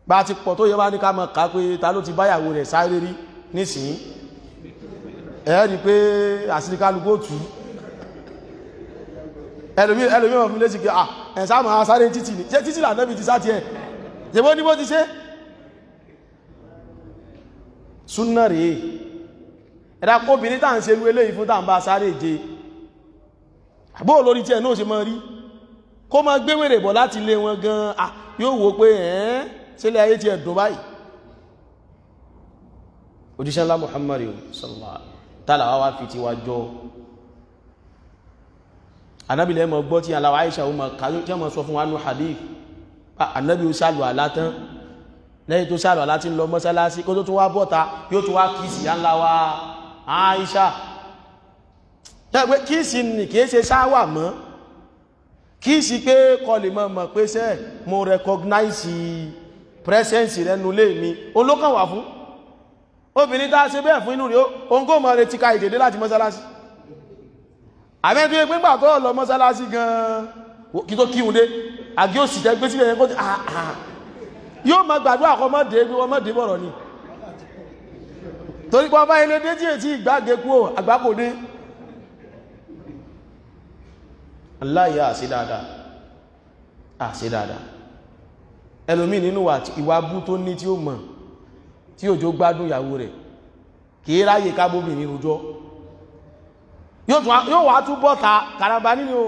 bá ti pọ̀ tó yẹ bá ní ká mọ̀ ká pé ta ló ti báyàwó rẹ̀ sáré rí nísìnyí ẹ̀ẹ́rì pé àsìríkálukó tù ú ẹlòmí ẹlòmí wọn fún lé sí kí à ẹ̀sá ma sáré títì ní tàà ń ṣe rú eléyìí fún tàà ń bá sáré ìje bó lórí tí ẹ̀ náà ṣe mọ́ rí kó máa gbé wèrè bọ̀ láti lé wọn gan-an yóò wò pé ẹ̀ẹ́n sílẹ̀ ayé ti ẹ̀dùn báyìí òjíṣẹ́ ńlá Muhammad sallallahu alaihi wasallam tààlà wá fi ti wá jọ anábì lẹ́mọ̀ gbọ́ tí aláwọ̀ Aisha ó mọ̀ kájú tí wọ́n sọ fún wa hadith dàgbé kíìsì nì kìí ṣe ṣáwà mọ́ kíìsì pé kọlì mọ́ mọ̀ pé sẹ́ mo recognize presence rẹ nulé mi olókàn wà fún obìnrin tá a ṣe bẹ́ẹ̀ fún inú rẹ̀ òun kò mọ̀ retí ka ìdèdè láti mọ́sálásí àmẹ́bí ẹgbẹ́ gbà tó lọ mọ́sálásí gan-an kí tó kí wùdé àgí ó sì jẹ́ gbé sílẹ̀ ẹgbẹ́ àà yóò máa gbàdúrà kọ́ mọ́dé bí wọ́n mọ́dé bọ̀rọ̀ ni torí pé ọba ilé dé tí èsì ìgbàgbé kú àgbákò dé aláyà àṣẹ dáadáa àṣẹ dáadáa ẹlòmí nínú ìwà bú tó ní tí ó mọ̀ tí òjò gbádùn ìyàwó rẹ̀ kìí ráyè kábóbì ní rojọ́ yóò wá tún bọ́ta karamba nínú o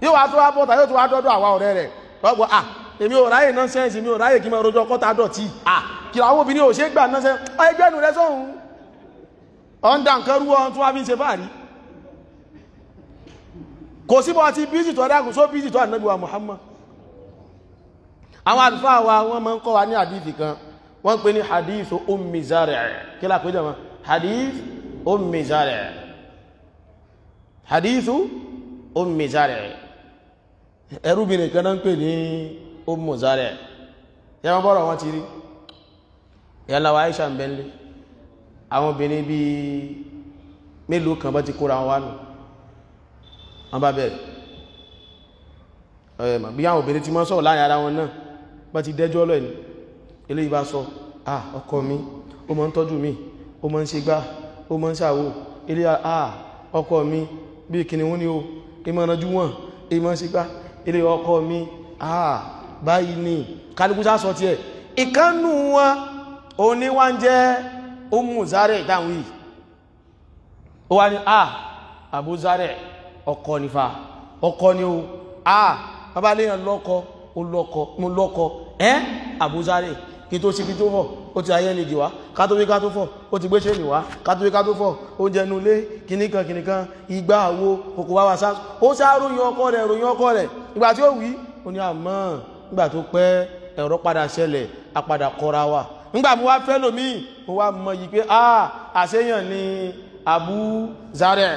yóò wá tún wá bọ́ta yóò tún wá dọ́dọ̀ àwa ọ̀rẹ́ rẹ̀ lọ́gbọ́ à èmi ò ráyè nọ́nsẹ́nsì mi ò ráyè kí mọ rojọ́ kọ́ta dọ̀tí à kìláwó obìnrin ò ṣe gbà kò sí bọ́ ti bíjì tó dákùn só bíjì tó ànábíwà Muhammad àwọn àlùfáà wa wọ́n máa ń kọ́ wa ní hadithi kan wọ́n pè ní hadith Ummi Zari'a kí la pè hadith Ummi Zari'a hadith Ummi Zari'a ẹrúbìnrin kan náà ń pè ní Ummu Zari'a yẹ wọ́n bọ́rọ̀ wọ́n ti rí yàlàwà Aisha ń àwọn obìnrin bíi mélòó kan bá ti kóra wọn wánu wọ́n bá bẹ̀rẹ̀ bí àwọn obìnrin ti mọ́ sọ̀rọ̀ láàrin ara wọn náà bá ti dẹ́jọ́ lọ ẹni ilé ìbá sọ ah ọkọ mi ó mọ́ ń tọ́jú mi ó mọ́ ń ṣe gbá ó mọ́ ń ṣàwò ilé ah ọkọ mi bí kìnnìún ni ó ìmọ̀rànjú wọn ìmọ̀ sí gbá ilé ọkọ mi ah báyìí ni kálukú sá sọ tiẹ̀ ìkánú wọn òní wá ń ah àbúzárẹ̀ ọkọ nífà ọkọ ni o ah bàbá léèyàn lọ́kọ ó lọ́kọ mo lọ́kọ ẹ́ àbúzárè kí tó ṣe kí tó hàn ó ti ayé nìdí wá ká tó wí ká tó fọ̀ ó ti gbé ṣéènì wá ká tó wí ká tó fọ̀ oúnjẹ inú ilé kìnnìkan kìnnìkan ìgbà àwo kòkò wá wá sá ó nígbà tó wá fẹ́ lòmíì wá mọ yìí pé ah àṣeyàn ni Abu Zareh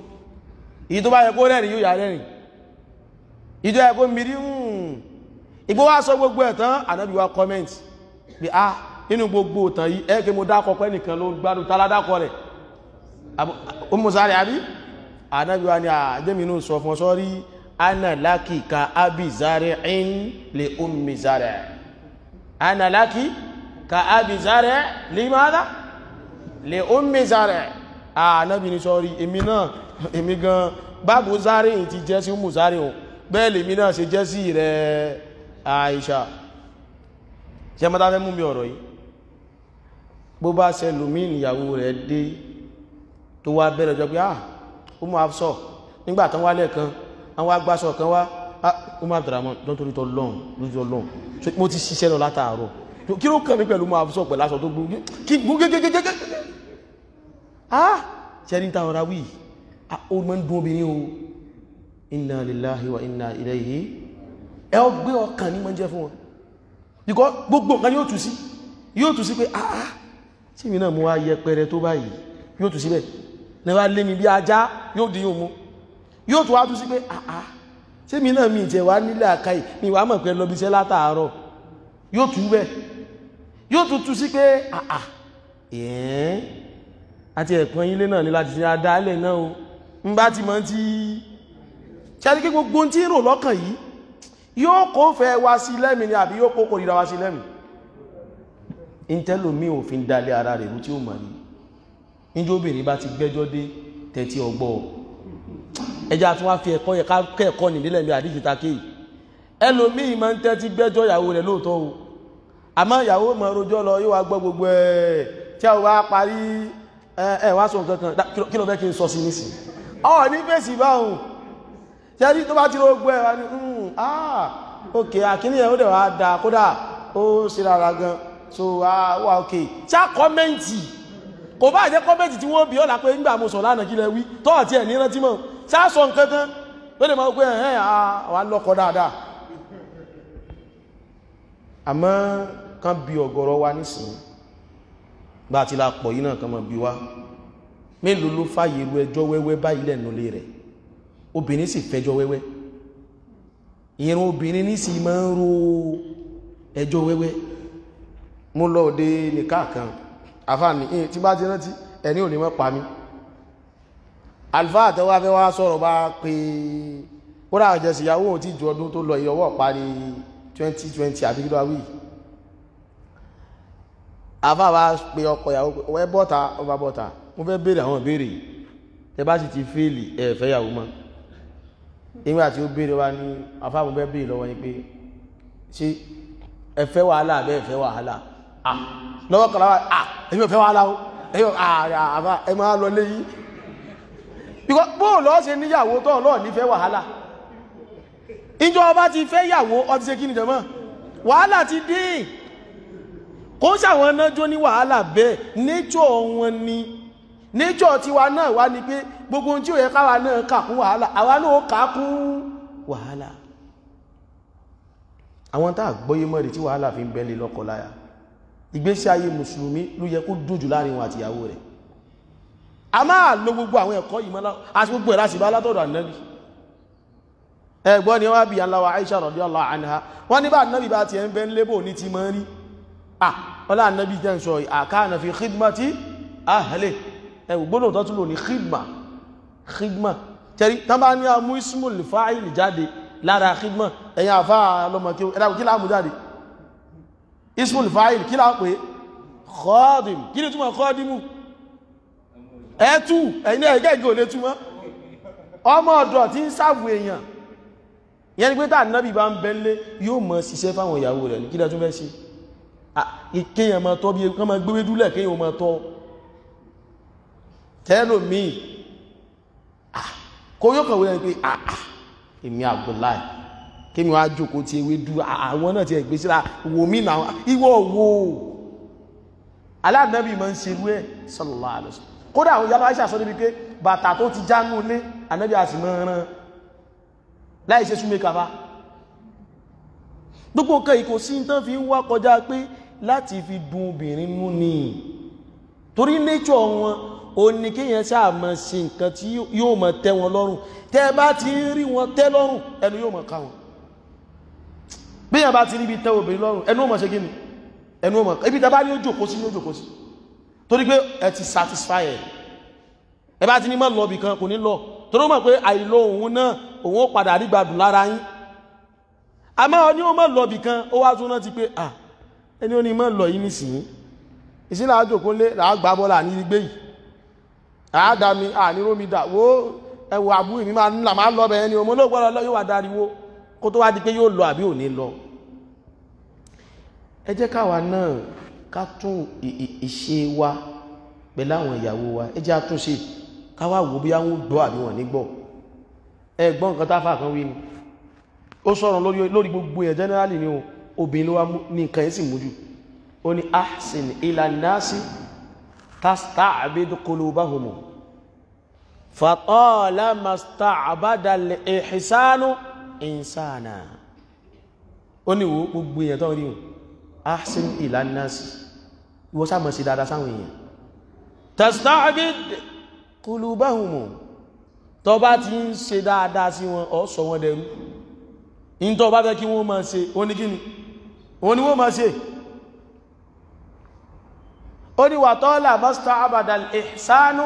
ìyí tó bá yẹ kó rẹ̀rìn yóò yà rẹ̀rìn ìjọ yẹ kó mìírí hmm. ìgbó wá sọ gbogbo ẹ̀tán ànábì wa kọ́mẹ́ǹtì pé a ah, inú gbogbo ìtàn yìí ẹ kí mo dákọ pé nìkan ló gbádùn tálá dákọ rẹ̀ ó mú sáré àbí ànábì wa ni àjẹmínú sọ fún ọ sọ́rí ana laki ka abi zari'in li ummi zari' ana laki ka abi zari' li mada li ummi zari' a nabi ni sori èmi náà èmi gan báàbù sáré ti jẹ́ sí mú sáré o bẹ́ẹ̀ lèmi náà ṣe jẹ́ sí rẹ̀ Àìṣà ṣe mọ́ta fẹ́ mú mi ọ̀rọ̀ yìí bó bá ṣe lùmí ìyàwó rẹ̀ dé tó wá bẹ̀rẹ̀ jọ pé ah ó mú afsọ nígbà tán wálẹ̀ kan àwọn agbáṣọ kan wá ó ah, má Abdurrahman lọ́tọ́rí mo ti ṣiṣẹ́ lọ látàárọ̀ kí ló kàn mí pẹ̀lú mú ah ṣe ní wíì ó mọ́ ń dún obìnrin o inna lillahi wa inna ilayhi ẹ ọ gbé ọkàn ní mọ́ jẹ́ fún wọn bíkọ́ gbogbo nǹkan yóò tù sí yóò tù sí pé ah, ah tí mi náà mú wá yẹpẹrẹ tó báyìí yóò tù síbẹ̀ níwá lé mi bí ajá yóò di yóò mú yóò tù wá tù sí pé ah, ah tí mi náà mi ìjẹ̀ wá nílẹ̀ àkáì mi wá mọ̀ pé lọ́bíṣẹ́ látàárọ̀ yóò tù bẹ́ẹ̀ yóò tù tù sí pé ah, ah ẹ̀ẹ́n àti ẹ̀kan ilé náà ni láti ṣe adálẹ̀ náà o ń bá ti mọ́ tí ṣàdíkí gbogbo tí ń rò lọ́kàn yìí yóò kó fẹ́ wá sí lẹ́mì ni àbí yóò kó kò ríra wá sí lẹ́mì intelomi òfin dalẹ̀ ara rẹ̀ tí ó mọ̀ ní níjóbìnrin bá ti gbẹ́jọ́ dé tẹ́tí ọgbọ́ ẹjá tún wá fi ẹ̀kọ́ yẹ kẹ́ẹ̀kọ́ nílẹ̀ mi àdíjìta kéyìí ẹlòmíì máa ń tẹ́tí gbẹ́jọ́ ìyàwó rẹ̀ lóòótọ́ o àmọ́ ìyàwó mọ̀ rojọ́ lọ yóò wá gbọ́ gbogbo ẹ̀ tí a wá parí ẹ̀ wá sọ nǹkan kan kí ló fẹ́ kí n sọ sí nísìnyí ọ̀ ní fèsì báhùn tẹ́rí tó bá ti rògbò ẹ̀ wá ní hmm, ah ok àkíní ẹ̀ ó dẹ̀ wá da kódà ó ṣe rárá gan so wà ok ṣá kọ́mẹ́ǹtì kò bá jẹ́ kọ́mẹ́ǹtì tí wọ́n bí ọ̀la pé nígbà mo sọ lánàá kí lẹ wí tọ́ọ̀tì ẹ̀ ní rántí mọ́ ṣá sọ nǹkan kan ló lè máa pé ẹ̀ wà lọ́kọ̀ dáadáa àmọ́ kan bí ọ̀gọ̀rọ̀ wa nísìnyí gbà tí la pọ̀ yìí náà kan mọ̀ bí wa mélòó ló fàyè irú ẹjọ́ wẹ́wẹ́ báyìí lẹ́nu lé rẹ̀ obìnrin sì fẹjọ́ wẹ́wẹ́ ìrìn obìnrin nísì máa ń ro ẹjọ́ wẹ́wẹ́ mo lọ òde nìka kan àfààní tí bá ti rántí ẹni ò ní mọ́ pa mí alfa àtẹwà fẹ́ wá sọ̀rọ̀ bá pé ó rà àjẹsì ìyàwó òun ti ju ọdún tó lọ ìyọwọ́ parí 2020 àbí kílọ̀ àwí àfààbà pé ọkọ ìyàwó ẹ bọ́ta ọba bọ́ta mo fẹ́ béèrè àwọn ìbéèrè yìí tẹ bá sì ti fẹ́ẹ̀lì ẹ fẹ́ yàwó mọ́ nígbà tí ó béèrè wa ní afáàmù fẹ́ béèrè lọ́wọ́ yín pé ṣé ẹ fẹ́ wàhálà àbẹ́ ẹ fẹ́ wàhálà à ah, lọ́wọ́ kan láwa à ah, èmi ò fẹ́ wàhálà o èmi ò àbá ah, ẹ máa lọ lé yín bíkọ́ bó lọ́ ṣe níyàwó tó ọlọ́ọ̀ ní fẹ́ wàhálà ìjọ ọba ti ni jọmọ́ wàhálà ti dín kó ṣàwọn nájó ní wàhálà bẹ́ẹ̀ nature wọn ni nature tiwa náà wa ní pé gbogbo tí ó yẹ káwa náà kà kún wàhálà àwa náà ó kà kún wàhálà àwọn tàà gbọ́yé mọ́ rẹ̀ tí wàhálà fi ń bẹ́lẹ̀ lọ́kọ láya ìgbésí ayé mùsùlùmí ló yẹ kó dùn láàrin wọn àtìyàwó rẹ̀ a máa lo gbogbo àwọn ẹ̀kọ́ yìí mọ́lá anha wọ́n ní bá ànábì bá ti ẹ̀ ah ọlá ànábì jẹ́ ń sọ àkáànà fi khidmati ẹ̀wù gbọ́dọ̀ tó tún lò ní khidma khidma tẹ́rí tán bá ní amú ismul fáìlì jáde lára khidma ẹ̀yìn àfá lọ́mọkí ẹ̀dàkù kí láàmù jáde ismul fáìlì kí láàpẹ́ khadim kí ni túnmọ̀ khadimu ẹ̀tù ẹ̀yìn ẹ̀gẹ́gẹ́ ò lè túnmọ́ ọmọ ọ̀dọ̀ tí ń sáàbù èèyàn yẹn ni pé tàà nábì bá ń bẹ́lé yóò mọ̀ ṣiṣẹ́ fáwọn ìyàwó rẹ̀ ní kí lẹ́tún fẹ́ ṣe kéèyàn máa tọ́ bí kán máa gbéwédúlẹ̀ kéèyàn máa tọ́ tẹ́lò míì ah, kó yóò kọ̀wé ẹni pé àà ah, ah, èmi Abdullahi kí mi wá jókòó ti ewé dú àwọn náà ti ẹ̀gbẹ́ síra wò mí náà ìwọ wo aláàbẹ̀bí máa ń ṣe irú ẹ̀ sallallahu alaihi wasallam kódà àwọn yàrá àìsàn sọ́dọ̀ bí pé bàtà tó ti jánú lé anábì àti mọ́ran láì ṣe súnmé kàfá gbogbo nǹkan ìkò sí tán fi ń wá kọjá pé láti fi dun obìnrin nú ni torí nature wọn ó ní kéèyàn ṣáà máa ṣe nǹkan tí yóò máa tẹ́ wọn lọ́rùn tẹ́ bá ti ń rí wọn tẹ́ lọ́rùn ẹnu yóò máa ká wọn béèyàn bá ti rí ibi obìnrin lọ́rùn ẹnu ó máa ṣe kíni ẹnu ó ibi tẹ́ bá ní ó jókòó sí ní ó jókòó sí torí pé ẹ ti satisfy ẹ ẹ bá ti ní mọ́ lọ ibì kan kò ní lọ torí ó mọ̀ pé àìlò òun náà òun ó padà rí gbádùn lára yín àmọ́ ọ ní ó mọ̀ lọ ibì kan ó wá tún rántí pé à ẹni ó ní mọ́ lọ yín nísìnyí ìsìn làá jókòó lé làá gbá bọ́lá ní gbé yìí àádámi ànírómi dà wó ẹwọ àbú ìmí máa ńlá máa lọ bẹ̀ẹ́ ni ọmọ olóògbọ́n lọ yóò wà dáriwó kó tó wá di pé yóò lọ àbí ò ní lọ ẹ jẹ́ káwa náà ká tún ìṣe wa pẹ̀lú àwọn ìyàwó wa ẹ jẹ́ àtúnṣe káwa wò bí àwọn gbọ́ àbí wọn nígbọ́ ẹ gbọ́ nǹkan táfà kan wí ni ó sọ̀rọ̀ lórí gbogbo ẹ̀ generally ni obìnrin ló wá ní nǹkan ẹ̀ sì mójú ó ní ahsin ilanasi تستعبد قلوبهم فطالما استعبد الإحسان إنسانا ó ní wo gbogbo èèyàn tó rí o ahsin ilanasi ìwọ sáà mọ̀ sí dáadáa sáwọn èèyàn tasta'bid qulubahum tó bá ti ń ṣe dáadáa sí wọn ó sọ wọn in tó bá fẹ́ kí wọ́n máa ṣe ó ní kíni ó ní wọ́n ó ní wàtọ́lá mọ́sítà abadal ìsánú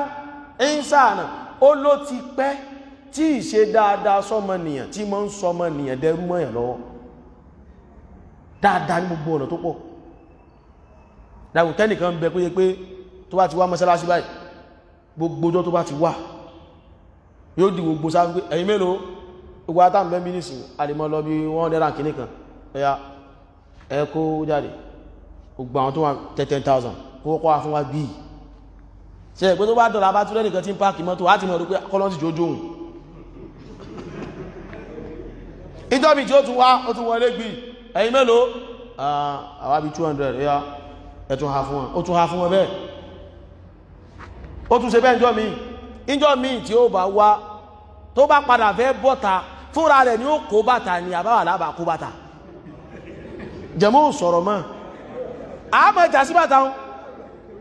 ìsánà ó ló ti pẹ́ tí ìṣe dáadáa sọmọnìyàn tí mọ́ ń sọmọnìyàn dẹrú mọ́yàn lọ́wọ́ dáadáa ní gbogbo ọ̀nà tó pọ̀ dàgbùtẹ́ nìkan bẹ pé pé tó bá ti wá mọ́sálásí báyìí gbogbo ọjọ́ tó bá ti wà yóò di gbogbo sáà ẹ̀kọ́ jáde gbogbo àwọn tó wà 10,000 owó kọ́ wa fún wa bí i ṣe ìpé tó bá dọ̀là bá túnlẹ̀ nìkan tí ń páàkì mọ́tò láti mọ̀ pé kọ́lọ́sì jójó òun ìjọbi tí ó tún wá ó tún wọlé gbì ẹ̀yìn mélòó àwa bí 200 ẹ̀yà ẹ̀tún ha fún wọn ó tún ha fún wọn bẹ́ẹ̀ ó tún ṣe bẹ́ẹ̀ ìjọ míì ìjọ míì tí ó bá wá tó bá padà fẹ́ bọ́ta fúnra rẹ̀ ni ó kó bàtà ni àbáwà lábà kó bàtà jẹ̀mú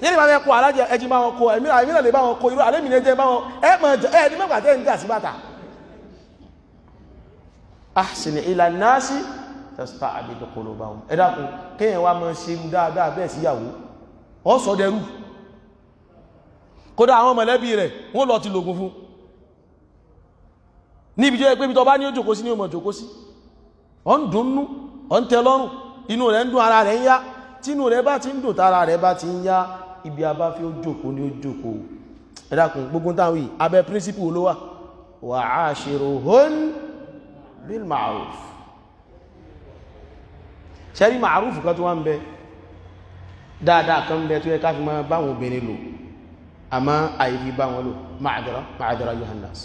yẹ́nì bá fẹ́ kó alájẹ ẹjì bá wọn kó ẹ̀mí náà lè bá wọn kó irú àlémì ní ẹjẹ bá wọn ẹ mọ̀ ẹjọ ẹ ní mẹ́gbà tẹ́ ń dà sí bàtà. ahsin ila nasi tasta'bid qulubahum ẹ dákun kéèyàn wá máa ṣe irú dáadáa bẹ́ẹ̀ síyàwó ọ sọ dẹrú kódà àwọn mọ̀lẹ́bí rẹ̀ wọ́n lọ ti lògùn fún níbi tó yẹ pé ibi bá ní ó sí ní ọmọ jòkó sí ọ ń dùn nú ọ ibi abá fi ó jòkó ní ó jòkó ẹ dákun gbogbo táwọn yìí abẹ́ príncipù ló wà wà á ṣèrò hón bil ma'ruf ṣẹ́rí ma'ruf kan tó wá ń bẹ dáadáa kan bẹ tó yẹ ká fi máa báwọn obìnrin lò àmọ́ àìfi báwọn lò ma'adara ma'adara yohannas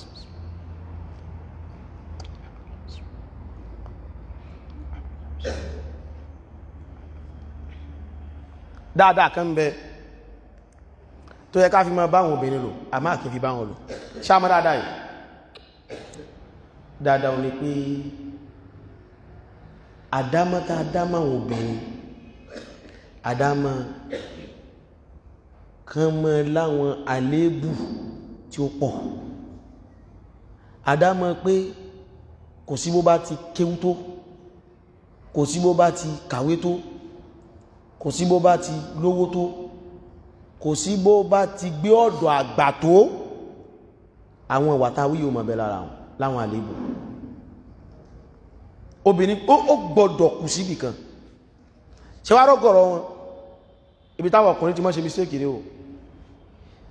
dáadáa kan bẹ tó yẹ ká fi máa báwọn obìnrin lò a máa kìí fi báwọn lò ṣáàmà dáadáa yìí dáadáa ní pé àdámátá àdámá obìnrin àdámá kan mọ́ láwọn àléébù tí ó pọ̀ àdámá pé kò sí bó bá ti kéwú tó kò sí bó bá ti kàwé tó kò sí bó bá ti lówó tó kò sí bó bá ti gbé ọ̀dọ̀ àgbà tó àwọn ìwà táwí yóò máa bẹ lára wọn láwọn àléébù obìnrin ó gbọ́dọ̀ kù síbì kan ṣe wá rọ́gọ̀rọ̀ wọn ibi táwọn ọkùnrin ti máa ṣe mistake ní o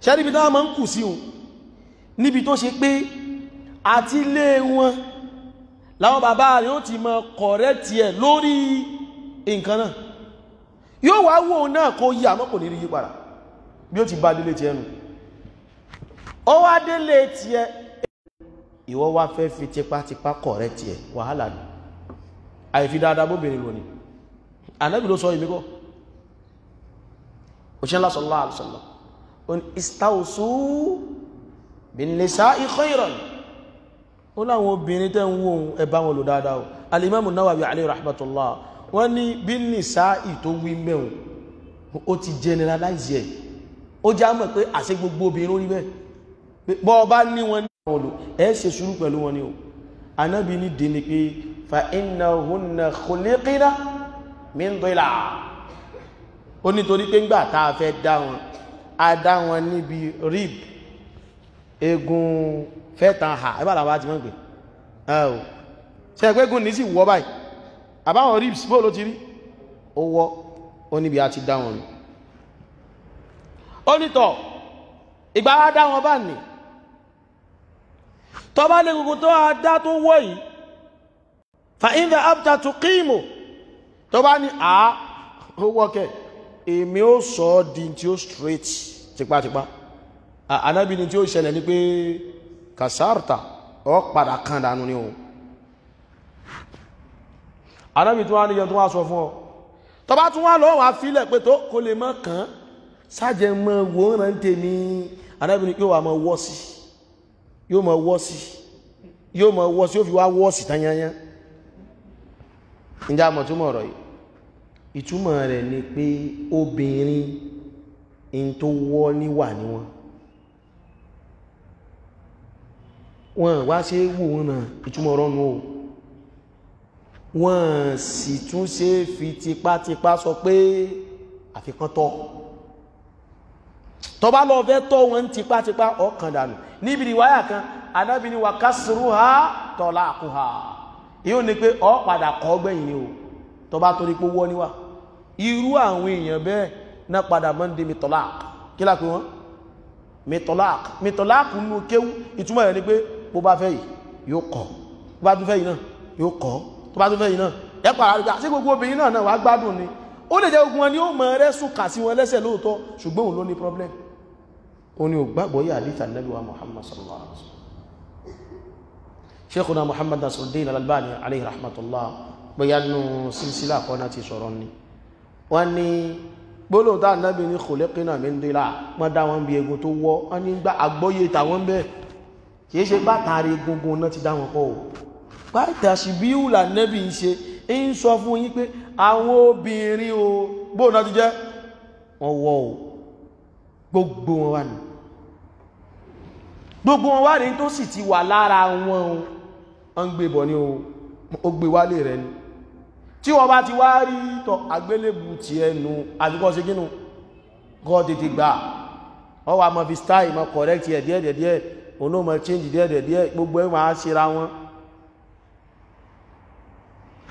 ṣe níbi táwọn máa ń kù sí o níbi tó ṣe pé àti ilé wọn láwọn bàbá rẹ̀ ó ti mọ kọ̀rẹ́tì ẹ̀ lórí nǹkan náà yóò wá wò náà kó yí àmọ́ kò ní rí yí padà bí ó ti bá délé ti ẹnu ó wá délé ti ẹ ìwọ wá fẹ́ fi tipátipá kọ̀ rẹ ti ẹ wàhálà ni àìfi dáadáa bóbìnrin lò ní ànábì ló sọ ìmíkọ́ òṣèlá sọlá àlùsọlá ó istausu bin nisa'i khayran ó láwọn obìnrin tẹ́ ń wó ẹ wọn lò dáadáa ó ti generalize ẹ̀ ó já mọ̀ pé àṣẹ gbogbo obìnrin orí bẹ́ẹ̀ bọ́ ọba ní wọn ní àwọn olù ẹ ṣe sùúrù pẹ̀lú wọn ni o anábì ní dè ní pé fa innahunna khuliqna min dila ó nítorí pé ńgbà tá a fẹ́ dá wọn a dá wọn níbi rib egun fẹ́tàn ha ẹ bá làwọn ti mọ̀ pé ṣe ẹgbẹ́ egun ní sì wọ́ báyìí àbáwọn ribs bóòlù ti rí ó wọ́ ó níbi a ti dá wọn nù ó nítọ̀ ìgbà á dá wọn bá nì tọ́ba ní gbogbo tó a tó wọ́ yìí fa ìfẹ́ abta tó kíìmù tọ́ba ní a ó wọ́kẹ̀ èmi ó sọ ọ́ di tí ó straight tipátipá anábì ni tí ó ṣẹlẹ̀ ni pé kasarta ó padà kan dànù ni o anábì tí wọ́n á níyẹn tó wá sọ fún ọ tọ́ba tí wọ́n á lọ́wọ́ àfilẹ̀ pé tó kò lè mọ́ kàn án sájẹ mọ́ wọ́n rán tèmi anábìnrin yóò wà mọ́ wọ́ sí yóò mọ́ wọ́ sí yóò mọ́ wọ́ sí yóò fi wá wọ́ sí tányányán mọ̀ túmọ̀ ọ̀rọ̀ yìí ìtumọ̀ rẹ̀ ni pé obìnrin in tó wọ́ níwà ní wọn wọn wá ṣe wò wọn náà ìtumọ̀ ọ̀rọ̀ nù o wọn sì tún ṣe fi tipátipá sọ pé àfikán tọba lọ fẹ́ tọ́ wọn tipátipá ọkàn dànù níbi ìwáyà kan anábì ni wà kásìrú ha tọ́lá àkú ha yóò ní pé ọ padà kọ́ gbẹ̀yìn ni o tọba torí pé wọ́ níwà irú àwọn èèyàn bẹ́ẹ̀ náà padà mọ́ ń di mitolak kí lápé wọn mitolak mitolak nínú kéwú ìtumọ̀ rẹ̀ ni pé bó bá fẹ́ yìí yóò kọ́ bó bá tún fẹ́ yìí náà yóò kọ́ tó bá tún fẹ́ yìí náà ẹ pàrọ̀ àrùkà sí gbogbo obìnrin náà náà wàá gbádùn ni ó lè jẹ́ ogun wọn ni ó mọ ẹrẹ́sùn kà sí wọn lẹ́sẹ̀ lóòótọ́ ṣùgbọ́n òun ló ní problem òní ò gbàgbọ́ yà àdìsí ànábì wa muhammad sallallahu alaihi wa sallam sheikhuna muhammad nasiruddin al-albani alayhi rahmatullah bóyá nù sílsílà kọ́nà ti sọ̀rọ̀ ni wọ́n ní gbólóhùn tá ànábì ní khuliqna min dila wọ́n dá wọn bí egun tó wọ́ wọ́n ní gbá àgbọ́yé tàwọn bẹ́ẹ̀ kìí ṣe bátàrí egungun náà ti dá wọn kọ́ o báyìí ṣìbíhù lànẹ́bì ń ṣe ń sọ fún yín pé àwọn obìnrin o gbóhùn náà ti jẹ́ wọ́n wọ́ o gbogbo wọn wà nù gbogbo wọn wá rí tó sì ti wà lára wọn o ń gbé bọ̀ ní o gbé wálé rẹ ni tí wọ́n bá ti wá rí tọ àgbélébù ti ẹnu àdúgbò sí gínú god tètè gbà ọ wà mọ̀ fi style mọ̀ correct ẹ̀ díẹ̀díẹ̀ òun náà mọ̀ change díẹ̀díẹ̀ gbogbo ẹ̀ máa ṣera wọn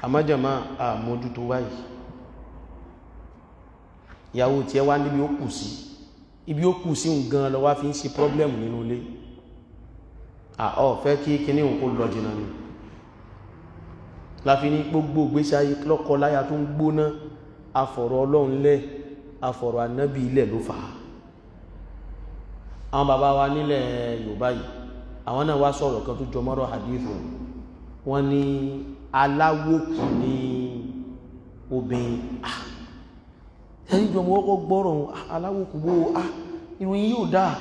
àmọ́jọ̀mọ́ àmójútó wáyìí ìyàwó tí ẹ wá níbi ó kù sí ibi ó kù sí nǹkan lọ wá fi ń ṣe problem nínú ilé àọ́ fẹ́ kí kíní òun kó lọ jìnà ni láfi ní gbogbo ìgbésí ayé lọ́kọ láya tó ń gbóná afọ̀rọ̀ ọlọ́run lẹ̀ afọ̀rọ̀ anábì ilẹ̀ ló fà á àwọn bàbá wa nílẹ̀ yorùbá yìí àwọn náà wá sọ̀rọ̀ kan tó jọ mọ́rọ̀ hadithu wọ́n ní aláwòkù ní obìnrin ah ẹni jọ mọ́ gbọ́rọ̀ aláwòkù bó ah ìròyìn yóò dáa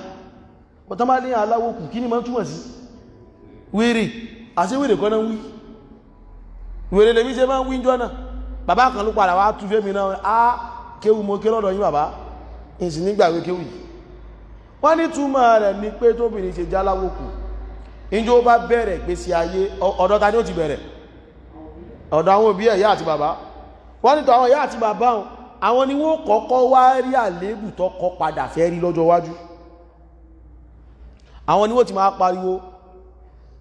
bọ̀tán bá ní aláwòkù kí ni máa túmọ̀ sí wèrè àti wèrè kọ́nà wí wèrè lèmi ṣe máa ń wí jọ́nà bàbá kan ló padà wá tú fẹ́mi náà á kéwù mo ké lọ́dọ̀ yín bàbá ìsìn nígbàgbé kéwù yìí wọ́n ní túmọ̀ rẹ̀ ni pé tóbìnrin ṣe jáláwó kù ìjọ bá bẹ̀rẹ̀ gbèsè ayé ọ̀dọ̀ ta ni ó ti bẹ̀rẹ̀ ọ̀dọ̀ àwọn òbí ẹ̀ ìyá àti bàbá wọ́n ní tó àwọn ìyá àti bàbá àwọn ni wọ́n kọ́kọ́ wá rí àléébù tó kọ́ padà fẹ́ rí lọ́jọ́ iwájú àwọn ni wọ́n ti máa pariwo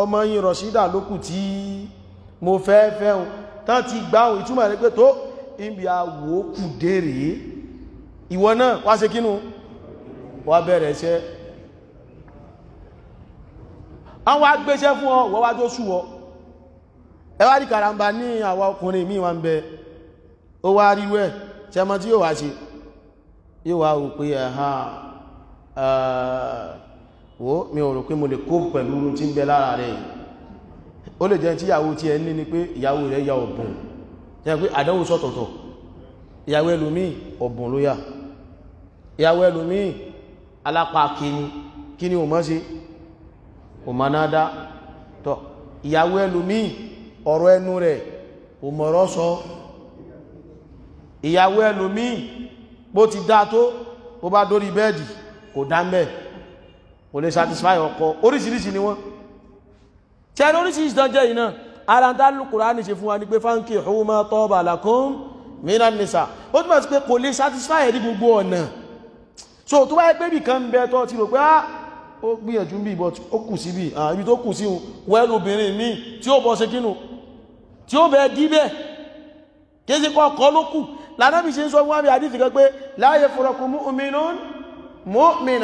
ọmọ yìí rọ̀ṣídà lókù tí mo fẹ́ fẹ́hun tán ti gbá ohun ìtumọ̀ rẹ̀ pé tó ibi àwò kù dèrè ìwọ náà wá ṣe kínú wá bẹ̀rẹ̀ iṣẹ́ àwọn agbéṣẹ́ fún ọ wá tó súwọ́ ẹwà karamba ní àwa ọkùnrin mi wà ń bẹ ó wá rí wẹ́ ṣẹmọ tí yóò wá ṣe yóò wá wò pé ẹ̀hàn wo mi ò rò pé mo lè kó pẹ̀lú orun tí ń bẹ lára rẹ̀ yìí ó lè jẹ́ tí ìyàwó tí ẹ ní ni pé ìyàwó rẹ̀ ya ọ̀bùn jẹ́ pé àdánwò sọ̀tọ̀tọ̀ ìyàwó ẹlòmíì ọ̀bùn ló yà ìyàwó ẹlòmíì alápá kíni kíni ò mọ́ sí ò má náà dá tọ́ ìyàwó ẹlòmíì ọ̀rọ̀ ẹnu rẹ̀ ò mọ̀rọ̀ sọ ìyàwó ẹlòmíì bó ti dá tó bó bá dórí bẹ́ẹ̀dì kò dá mẹ́ẹ̀ kò lè satisfy ọkọ oríṣiríṣi ni wọ́n tí ẹni oríṣiríṣi tán jẹ́ iná ara ń dálù kùránì ṣe fún wa ní pé fáńkì ọmọ tọ́ọ̀bà làkún mìíràn nìsà ó túnmọ̀ sí pé kò lè satisfy ẹ̀ ní gbogbo ọ̀nà so tó báyẹ pé nìkan bẹ tọ́ ti rò pé á ah, ó gbìyànjú bí ìbọn ó kù síbi ibi tó kù sí wẹ́lú obìnrin mi tí ó bọ́ ṣe kínú tí ó bẹ dí bẹ́ẹ̀ kéèsì kọ́ ọkọ̀ ló kù lànà bí ṣe ń sọ fún wa bí àdìsí kan pé láàyè fúnrakùn mú omi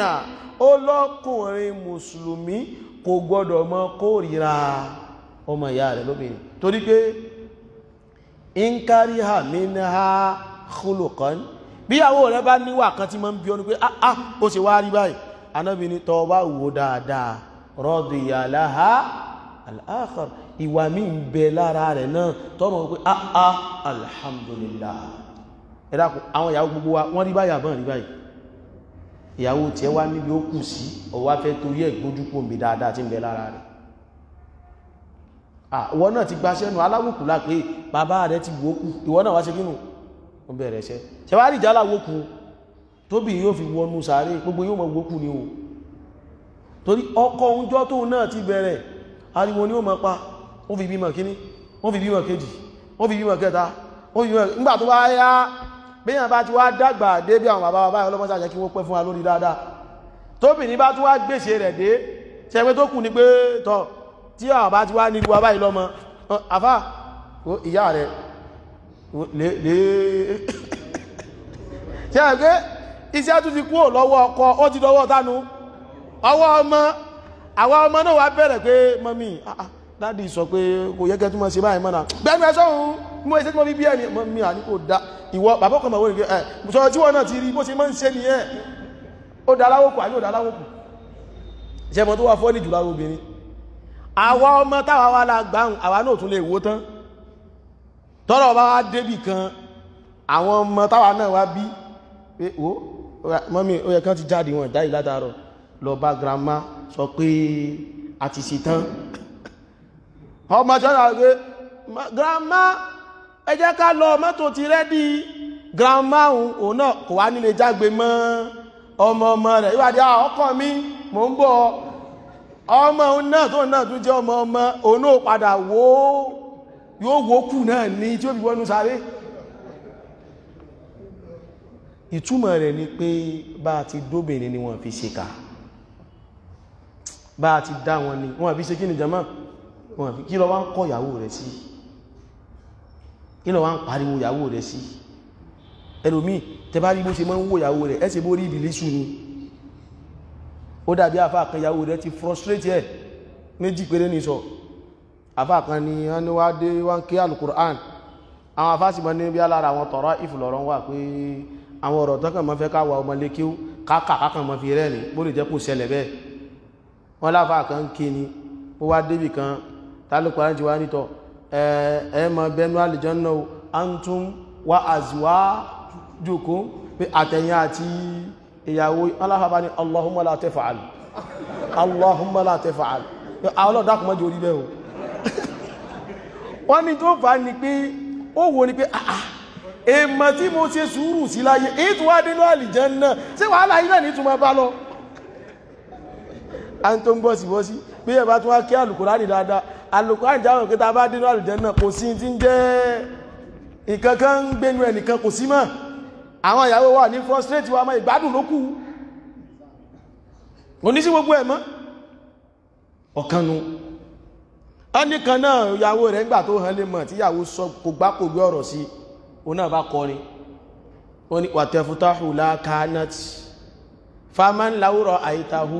ó lọ́kùnrin mùsùlùmí kò gbọ́dọ̀ mọ́ kórìíra ọmọ ìyá rẹ̀ lóbìnrin torí pé in kárí hà mí ní ha khuluqan bíyàwó rẹ̀ bá níwà kan tí mọ́ ń bí ọ́nú pé ah, ah ó sì wá rí báyìí anábì ní tọ́ bá wò dáadáa radiya ìyàwó tiẹ̀ wá níbi ó kù sí ọwá fẹ́ torí ẹ̀ gbójú ti dáadáa tí ń bẹ lára rẹ̀ àwọn náà ti gbáṣẹ́ nù aláwòkù lápé bàbá rẹ̀ ti wókù ìwọ náà wá ṣe kínú bẹ̀rẹ̀ ṣẹ́ ṣe wá rí ìjà fi wọnú sàárè gbogbo yóò wókù ni o torí ọkọ ti bẹ̀rẹ̀ ariwo ni pa ó fi ó fi kẹta bíyàn bá ti wá dàgbà dé bí àwọn bàbá wa báyìí ọlọ́mọ sàjẹ́ kí wọ́n pẹ́ fún wa lórí dáadáa tóbìnrin bá tún wá gbèsè rẹ̀ dé ṣe pé tó kù ní pé tọ̀ tí àwọn bá ti wá nílùú wa báyìí lọ́mọ àfà ìyá rẹ̀ lè ṣe dáàdì sọ pé kò yẹ kẹ́ tó máa ṣe báyìí mọ́nà gbẹ́nu ẹ̀ṣọ́ òun mú ẹ̀ṣẹ́ tí wọ́n fi bí ẹni mi à ní kò dá ìwọ bàbá kan màwọ́ ìgbé ẹ̀ sọ tí wọ́n náà ti rí bó ṣe máa ń ṣe ni ẹ̀ ó dá láwòkù àbí ó dá láwòkù ṣe mọ́ tó wà fọ́ ní jùlọ obìnrin àwa ọmọ táwa wà la gbáhùn ọmọ ṣọ́nà pé grandma ẹ jẹ́ ká lọ mọ́tò ti rẹ́dí grandma òun náà kò wá nílé jágbe mọ́ ọmọ ọmọ rẹ̀ ìwádìí ọkọ mi mò ń bọ̀ ọmọ òun náà tó náà tún jẹ́ ọmọ ọmọ òun náà padà wó yóò wó kù náà ní tí ó fi wọ́nú sáré ìtumọ̀ rẹ̀ ni pé bá ti dóbìnrin ni wọ́n fi ṣe kà bá ti dá wọn ni wọ́n fi ṣe kí ni jama wọ́n fi kí lọ wá ń kọ́ ìyàwó rẹ̀ sí kí lọ wá ń pariwo ìyàwó rẹ̀ sí ẹlòmí tẹbá rí bó ṣe mọ́ ń wó ìyàwó rẹ̀ ẹ́sẹ̀ bó rí ìbìlì ṣù ni ó dàbí àfáàkan ìyàwó rẹ̀ ti frustrate ẹ̀ méjì péré ní sọ àfáàkan ni wọ́n ní wá dé wá ń ké alukur'an àwọn afásìmọ́ ní bí alára àwọn tọ̀rọ ìfìlọ̀rọ̀ wà pé àwọn ọ̀rọ̀ tọ́kàn mọ́ fẹ́ káwà ọmọ lékíw káàkà káàkàn mọ́ fi rẹ́ ni bó lè jẹ́ kò ṣẹlẹ̀ bẹ́ẹ̀ wọ́n láfáàkan ń ké ni ó wá débì kan tálùkùránì ti wá nítọ̀ ẹ̀ẹ́mọ bẹnu àlìjọ́nà antum wa azwa jùkún pé àtẹ̀yìn àti ìyàwó aláhàbá ní allahumma la tafa'al allahumma la tafa'al alọ́dàkùnmọ́jọ ah, orí bẹ́ẹ̀ o wọ́n ni tó fà ní pé ó wo ni pé àà ah, ah, èèmọ̀ tí mo ṣe sùúrù sí láyé ètò adínú àlìjọ́nà sí wàhálà ilẹ̀ bí ẹ bá tún wá kí alukurani dáadáa alukurani jáwèé pé tá a bá dínú àlùjánnà kò sí ti ń jẹ́ nǹkan kan ń gbénu ẹnìkan kò sí mọ́ àwọn ìyàwó wa ní frustrate wa mọ́ ìgbádùn ló kù oníṣí gbogbo ẹ̀ mọ́ ọ̀kanu ẹnìkan náà ìyàwó rẹ̀ ńgbà tó hàn lè mọ̀ tí ìyàwó sọ kò gbá kò gbé ọ̀rọ̀ sí òun náà bá kọrin ó ní wàtẹ̀fútàhù lákánátì fámánláwúrọ̀ àìtàhù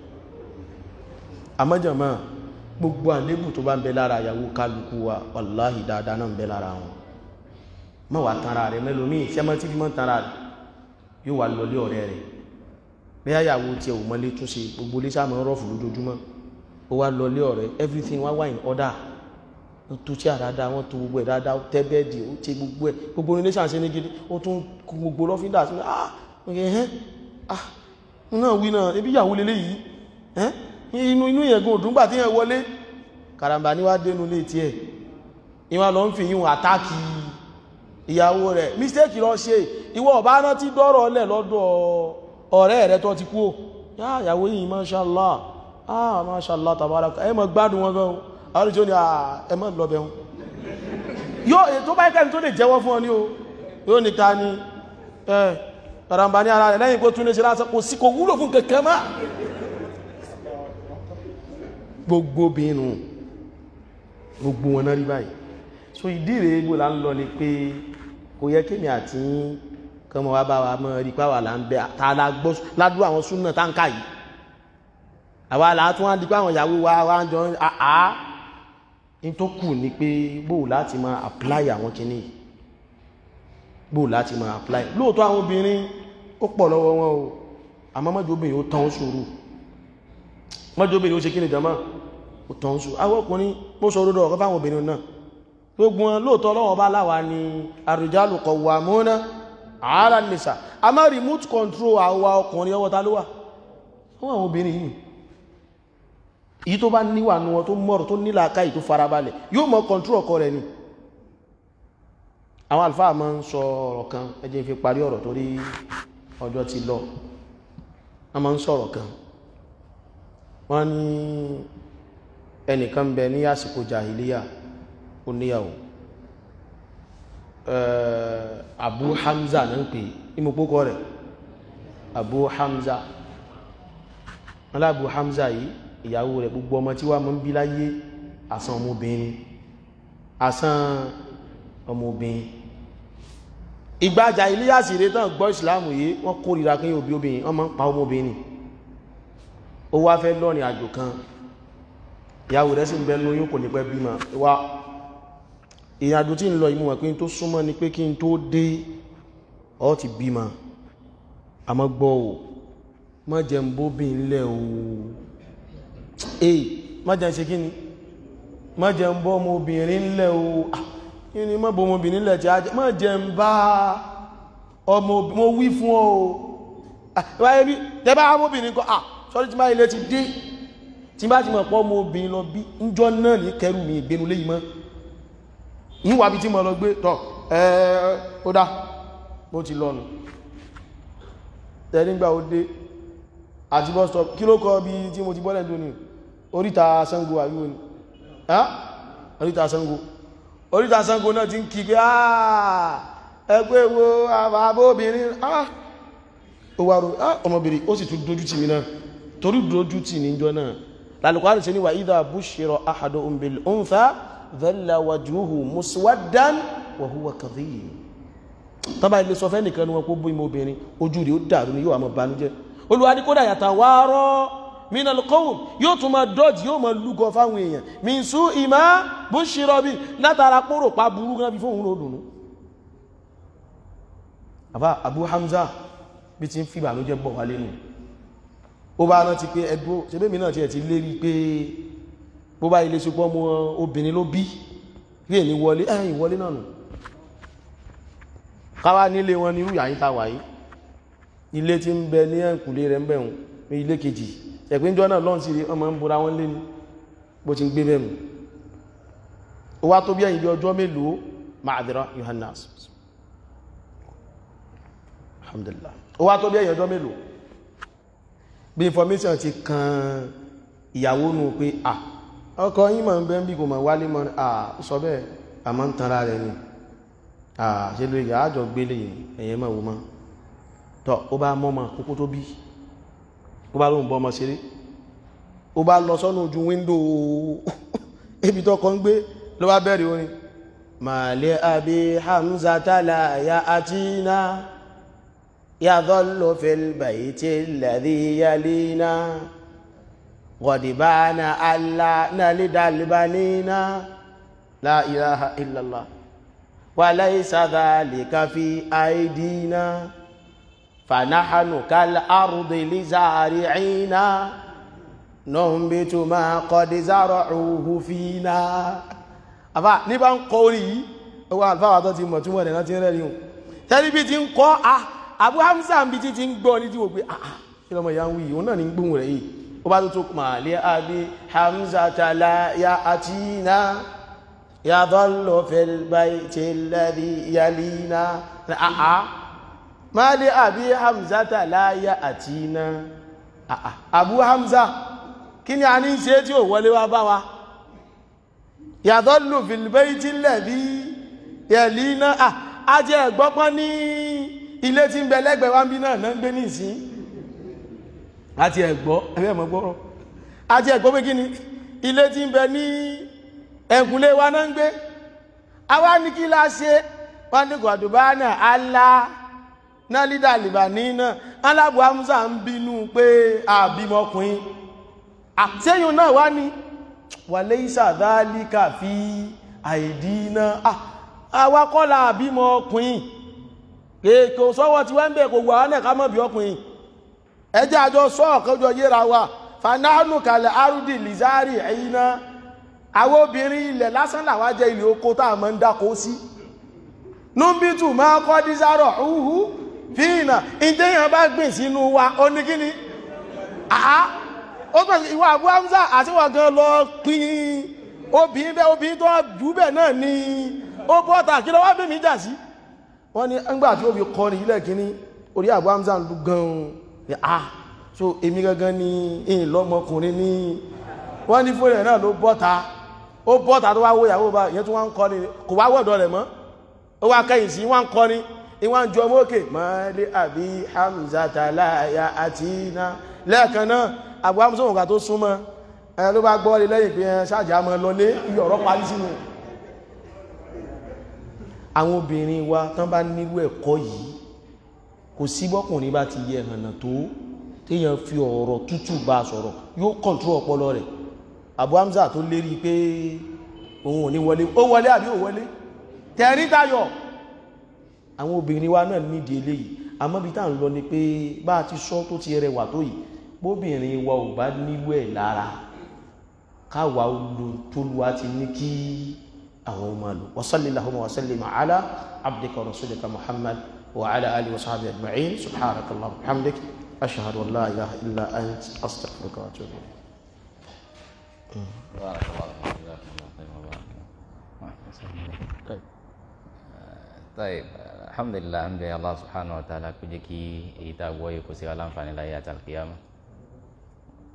àmọ́jọ̀mọ́ gbogbo àlébù tó bá ń bẹ lára ìyàwó kálukú wa wàláhì dáadáa náà ń bẹ lára wọn mọ́ wà tanra rẹ̀ mẹ́lòmíì tí a mọ́ tí fi mọ́ tanra rẹ̀ yóò wà lọlé ọ̀rẹ́ rẹ̀ bí àyàwó tí ẹ̀ ò tún ṣe gbogbo lé sáà mọ́ rọ́ọ̀fù lójoojúmọ́ ó wá lọlé ọ̀rẹ́ everything wá wà in order wọ́n tó tí àdáadáa wọ́n tó gbogbo ẹ̀ dáadáa ó tẹ́ bẹ́ẹ̀dì ó tẹ gbogbo ẹ̀ gbogbo ilé ṣàṣẹ ní gidi ó tún gbogbo lọ́fíńdà sí ah ẹ̀ ah náà wí náà ebi ìyàwó lélẹ́yìí ẹ́ inú inú ìyẹ̀gùn òdúngbà tí yẹn wọlé karambà ní wá dénú lé tí ẹ̀ ìwọ̀n lọ ń fi yíò àtàkì ìyàwó rẹ̀ mistake lọ ṣe ìwọ ọ̀bá náà ti dọ́rọ̀ lẹ̀ lọ́dọ̀ ọ̀rẹ́ rẹ̀ tó ti kú ìyàwó yìí mashallah ah mashallah tabaraka ẹ mọ̀ gbádùn wọn gan àrùjọ ni ah, ẹ mọ̀ lọ bẹ̀rún yóò tó bá ikẹ́ni tó lè jẹ́wọ́ fún ọ ní o yóò ní ta ni karambà ní ara rẹ̀ lẹ́yìn kó gbogbo obìnrin gbogbo wọn náà rí báyìí so ìdí rèé bó la ń lọ ni pé kò yẹ kémi àti kọmọ wa bá wa mọ rí pàwà là ń bẹ ta la gbọ́ ládùú àwọn súnà táǹkà yìí àwa là á tún wá di pé àwọn ìyàwó wa wá ń jọ àá ní tó kù ni pé bó láti máa apply àwọn kinní yìí bó láti máa apply lóòótọ́ àwọn obìnrin ó pọ̀ lọ́wọ́ wọn o àmọ́ mọ́jú obìnrin ó tán ó ṣòro mọ́jọ́ obìnrin ó ṣe kí ni jama ó tọ́ ń sọ àwọn ọkùnrin mọ́ sọ rúdọ̀ ọ̀kọ́ fáwọn obìnrin náà gbogbo wọn lóòtọ́ lọ́wọ́ bá láwà ní àrùjálù qawwamuna 'ala nisa a máa remote control àwa ọkùnrin ọwọ́ ta ló wà wọ́n àwọn obìnrin yìí èyí tó bá níwà nù wọn tó mọ̀rọ̀ control ọkọ ni àwọn àlfáà máa ń sọ ọ̀rọ̀ kan ẹ jẹ́ n fi a máa ń sọ kan wọ́n ní ẹnìkan bẹ ní àsìkò jahiliya oníyàwó Abu Hamza ní ń pè ìmọ̀pókọ rẹ̀ Abu Hamza wọ́n lábú Hamza yìí ìyàwó rẹ̀ gbogbo ọmọ tí wà mọ́ ń bí láyé àsán ọmọbìnrin àsán ọmọbìnrin ìgbàjà ilé àsìrè tán gbọ́ ìsìláàmù yìí wọ́n kórìíra kí ó wá fẹ́ lọ́rin àjò kan ìyàwó rẹ̀ sì ń bẹnu yóò kò ní pẹ́ bímọ wá ìyàjò tí ń lọ ìmú wọ̀n pé tó súnmọ́ ni pé kí n tó dé ọ ti bímọ àmọ́ gbọ́ ò má jẹ ń bó bí ilẹ̀ o èyí má jẹ ń ṣe kíni má jẹ ń bọ́ ọmọbìnrin ńlẹ̀ o ah, kí ni má bọ́ ọmọbìnrin ńlẹ̀ tí a má jẹ ń bá ọmọ mo wí fún ọ o tẹ́bá ọmọbìnrin kọ́ ah sọ́rí tí máa ilé ti dé tí bá ti mọ̀ pọ́ mọ́ obìnrin lọ bí níjọ́ náà ní kẹrù mi ìgbénu lé ìmọ́ bí tí mọ̀ lọ gbé tọ́ ẹ̀ẹ́ ó dá mo ti lọ́nu tẹ́lígbà ó dé àti kí ló kọ́ ti bọ́lẹ̀ oríta àríwò ni oríta oríta náà ti torí dúrójú tì níjọ́ náà lálùkọ́rì sí ni wà idha bushira ahaduhum bil untha dhalla wajhuhu muswaddan wa huwa kadhib tọ́ba ilé sọ fẹ́ nìkan ni wọn kó bó ìmọ̀ obìnrin ojú rẹ̀ ó dàrú ni yóò àmọ́ banújẹ́ olúwa ní kódà yàtà wá rọ́ minal qawm yóò tún máa dọ́ọ̀jì yóò máa bí ti ń fi ìbànújẹ́ bọ̀ wálé nù ó bá rántí pé ẹgbó ṣebémi náà tiẹ̀ ti lérí pé bó bá ilé ṣupọ́ mú obìnrin ló bí rí èmi wọlé ẹ̀yìn wọlé náà nù káwá nílé wọn nírú yàyí ta wà yìí ilé tí ń bẹ ní ẹ̀kùnlé rẹ̀ ń bẹ̀ hùn ní ilé kejì ẹ̀pínjọ́ náà lọ́n sí ọmọ ń bora wọn lé ní bó ti ń gbé bẹ̀rù ó wá tó bí ẹ̀yìn bí ọjọ́ mélòó ma'adira yohannas alhamdulillah ó wá tó bí ẹ̀yìn ọjọ́ mélòó bí information ti kan ìyàwó nù pé ọkọ yín mọ̀ ń bẹ́ ń bí kò ma wálé mọ̀ à sọ bẹ́ẹ̀ àmọ́ ń tanra rẹ̀ ni à ṣe ló yà ájọ gbélé ẹ̀yẹ mọ̀ wò tọ́ ó bá mọ́ ma kókó tó bí ó bá lóun bọ́ ọmọ ṣeré ó bá lọ sọ́nà ojú wíńdò ebi tọ́kọ ń gbé ló bá bẹ̀rẹ̀ orin màálẹ́ àbí Hamza ya àtìná يظل في البيت الذي يلينا غضبان ألا نلد البنين لا إله إلا الله وليس ذلك في أيدينا فنحن كالأرض لزارعينا ننبت ما قد زرعوه فينا àfà ní bá ń kọ orí yìí ó wà àlfáà tó ti mọ̀ túnmọ̀ rẹ̀ láti rẹ̀ rí un tẹ́lifí ti ń kọ́ ah Abu Hamza ń bi títí ń gbọ́ ní tí wò pé ah, ah kí lọ́mọ ìyá ń wí òun náà ní gbóhùn rẹ̀ yìí ó bá tó tó màálé abi Hamza tala ya atina ya dhallu fil bayti alladhi yalina ah ah màálé abi Hamza tala ya atina ah ah Abu Hamza kí ni a ní ṣe tí ò wọlé wá bá wa ya dhallu fil bayti alladhi yalina ah ajẹ́ ẹ̀gbọ́pọ́n ní ilé tí ń bẹ lẹ́gbẹ̀ẹ́ wa ń bí náà náà ń gbé ní ìsín àti ẹ̀gbọ́ ẹ̀fẹ́ mọ̀ gbọ́rọ̀ àti ẹ̀gbọ́ pé kí ni ilé tí ń bẹ ní ẹ̀kúnlé wa náà ń gbé àwa ní kí la ṣe wọ́n ní gbàdúrà náà alá náà lídà lìbàní náà alábò amúsà ń bínú pé àbímọkùnrin àtẹ́yìn náà wá ní wàlé ìsàdálíkà fi àìdí náà àwa kọ́ la àbímọkùnrin kèèkò sọ́wọ́ ti wá ń bẹ̀ kò wà á náà ká mọ̀ bí ọkùnrin ẹjẹ́ àjọ sọ ọ̀kọ́jọ yéra wa fanánù kalẹ̀ arúdì lizari ẹ̀yìn náà àwọn obìnrin ilẹ̀ lásán làwa jẹ́ ilé oko tá a máa ń dáko sí núbítù máa kọ́ dísàrọ̀ húhú fíìnà ìdẹ́yàn bá gbìn sínú wa ó kíni àá ó tọ́ ìwà Abu Hamza àtiwọ̀ gan lọ pín obìnrin bẹ́ẹ̀ obìnrin tó jù bẹ́ẹ̀ náà ni ó bọ́ta kí lọ́wọ́ jà sí. wọ́n ní ẹgbà tí ó fi kọ́ ní ilẹ̀ kìíní orí àbú hamza ń lú gan-an ní à ah, so èmi gangan ní ìyìn lọ́mọkùnrin ni wọ́n ní fún ẹ̀ náà ló bọ́ta ó bọ́ta tó wá wó ìyàwó bá ìyẹn tó wá ń kọ́ ní kò wá wọ́dọ̀ rẹ̀ mọ́ ó wá kẹ́yìn sí wọ́n ń kọ́ ní ìwọ́n jọ mọ́ òkè mọ́lẹ́ àbí hamza tàlàyà àti iná lẹ́ẹ̀kan náà àbú hamza òǹkà tó súnmọ́ ẹ̀ ló bá gbọ́ lẹ́yìn pé ṣáàjà mọ́ lọlé iyọ̀rọ̀ parí sínú àwọn obìnrin wa tán bá nírú ẹ̀kọ́ yìí kò sí bọ́kùnrin bá ti yẹ hànà tó téèyàn fi ọ̀rọ̀ tútù bá sọ̀rọ̀ yóò kọ̀ǹtúrò ọpọlọ rẹ̀ Abu Hamza tó lérí pé òun ò ní wọlé ó wọlé àbí ò wọlé tẹ̀rí tayọ̀ àwọn obìnrin wa náà nídìí eléyìí àmọ́ bí tá à ń lọ ni pé bá a ti sọ tó ti rẹwà tó yìí bóbìnrin wa ò bá nílò ẹ̀ lára káwa olùtolúwa ti ní kí أعمال وصل اللهم وسلم على عبدك ورسولك محمد وعلى آله وصحبه أجمعين سبحانك اللهم وبحمدك أشهد أن لا إله إلا أنت أستغفرك وأتوب إليك بارك الله فيك الله وبارك طيب الحمد لله طيب، الحمد لله الله سبحانه وتعالى كجيكي إيتاب ويكو سيغالان فاني لا القيامة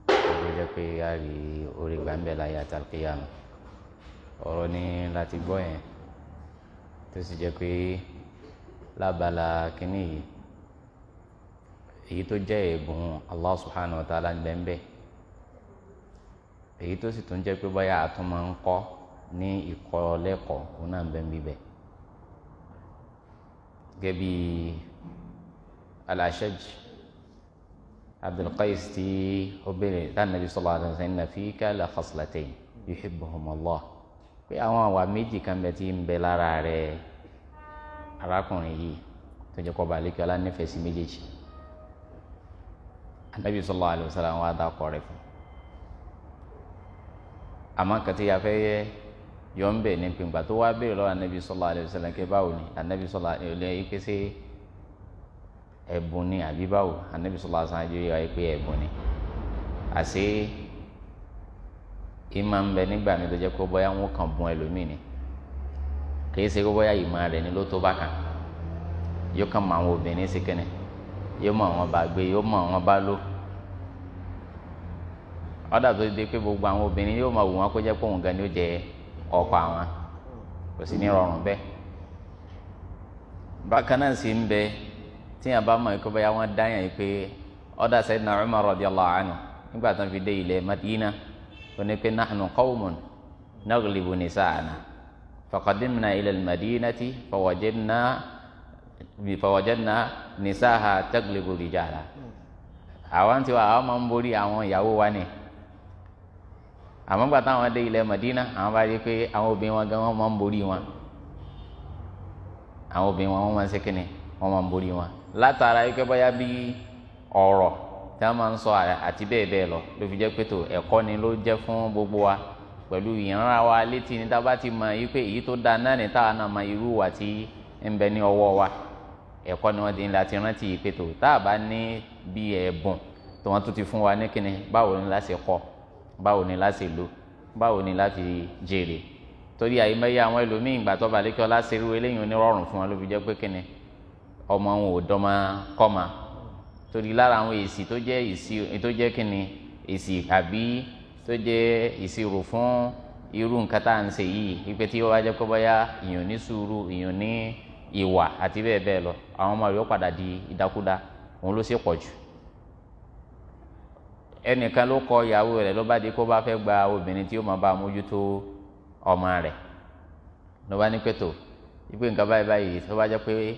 كجيكي يأتي أوريك بأنبي القيامة ọ̀rọ̀ ni láti gbọ́ yẹn tó sì jẹ́ pé lábala kínní yìí èyí tó jẹ́ ẹ̀bùn Allah subhanahu wa ta'ala ń bẹ́ẹ̀ èyí tó sì tún jẹ́ pé báyà àtún máa ń kọ́ ní ìkọ́ lẹ́kọ̀ọ́ òun náà ń bẹ́ẹ̀ bíbẹ̀ gẹ́gẹ́ bí al-Ashaj Abdulqais tí ó béèrè tánàbí sallallahu alaihi wasallam inna fika la khaslatayn yuhibbuhum Allah pé àwọn àwà méjì kan bẹ tí ń bẹ lára rẹ arákùnrin yìí tó jẹ́ kó ba lékè ọlá nífẹ̀ẹ́ sí méjèèjì anabi sallallahu alaihi wasallam àwọn adakọ rẹ fún àmọ́ kàtí yà fẹ́ yẹ yọ ń bẹ ní pínpà tó wá béèrè lọ́wọ́ anabi sallallahu alaihi wasallam kẹ báwo ni anabi sallallahu alaihi wasallam yìí pèsè ẹ̀bùn ni àbí báwo anabi sallallahu alaihi wasallam yìí pé ẹ̀bùn ni àṣẹ. ìmọ̀ ń bẹ nígbà mi tó jẹ́ pé bóyá wọn kàn bùn ẹlòmíì ni kìí ṣe pé bóyá ìmọ̀ rẹ̀ ni ló tó bá kàn yóò kàn mọ àwọn obìnrin sí kẹ́nẹ̀ yóò mọ àwọn bá gbé yóò mọ àwọn bá lò ọ̀dà tó pé gbogbo àwọn obìnrin yóò mọ kó jẹ́ pé òun gan ni ó jẹ ọkọ àwọn kò sí onípe nahnu qawmun naglibu nisaana faqadimna ila almadinati fawajadna fawajadna nisaaha taglibu rijala àwọn tiwa àwọn máa ń borí àwọn ìyàwó wa ni àmọ́ gbà táwọn dé ilẹ̀ Madina àwọn bá rí pé àwọn obìnrin wọn gan wọn máa ń borí wọn àwọn obìnrin wọn wọn máa ń ṣe wọn máa ń borí wọn látara yìí pé bóyá bí ọ̀rọ̀ tí wọ́n máa ń sọ àti bẹ́ẹ̀ bẹ́ẹ̀ lọ ló fi jẹ́ pé tó ẹ̀kọ́ ni ló jẹ́ fún gbogbo wa pẹ̀lú ìran wa létí ní tá a bá ti mọ yìí pé èyí tó da náà ní táwa náà mọ irú wa tí ń bẹ ní ọwọ́ wa ẹ̀kọ́ ni wọ́n ti ń láti rántí yìí pé tó tá a bá ní bí ẹ̀bùn tí wọ́n tún ti fún wa ní kíni báwo ni láti kọ́ báwo ni láti lò báwo ni láti jèrè torí àyèmẹ́yẹ àwọn ẹlòmíín ìgbà tó balẹ̀ kí ọlá ṣerú eléyìí onírọ̀rùn fún wọn ló fi jẹ́ pé kíni ọmọ òun ò dọ́mọ kọ́mọ torí lára àwọn èsì tó jẹ́ èsì tó jẹ́ kíni èsì àbí tó jẹ́ ìṣirò fún irú nǹkan tá à ń ṣe yìí ipe tí ó wá jẹ́ kó bóyá èèyàn ní sùúrù èèyàn ní ìwà àti bẹ́ẹ̀ bẹ́ẹ̀ lọ àwọn ọmọ rẹ̀ ó padà di ìdákúdá òun ló sì pọ̀ jù ẹnìkan ló kọ ìyàwó rẹ̀ ló bá di kó bá fẹ́ gba obìnrin tí ó máa bá mójútó ọmọ rẹ̀ ló bá ní pẹ̀tọ̀ ipe nǹkan báyìí báyìí tó bá jẹ́ pé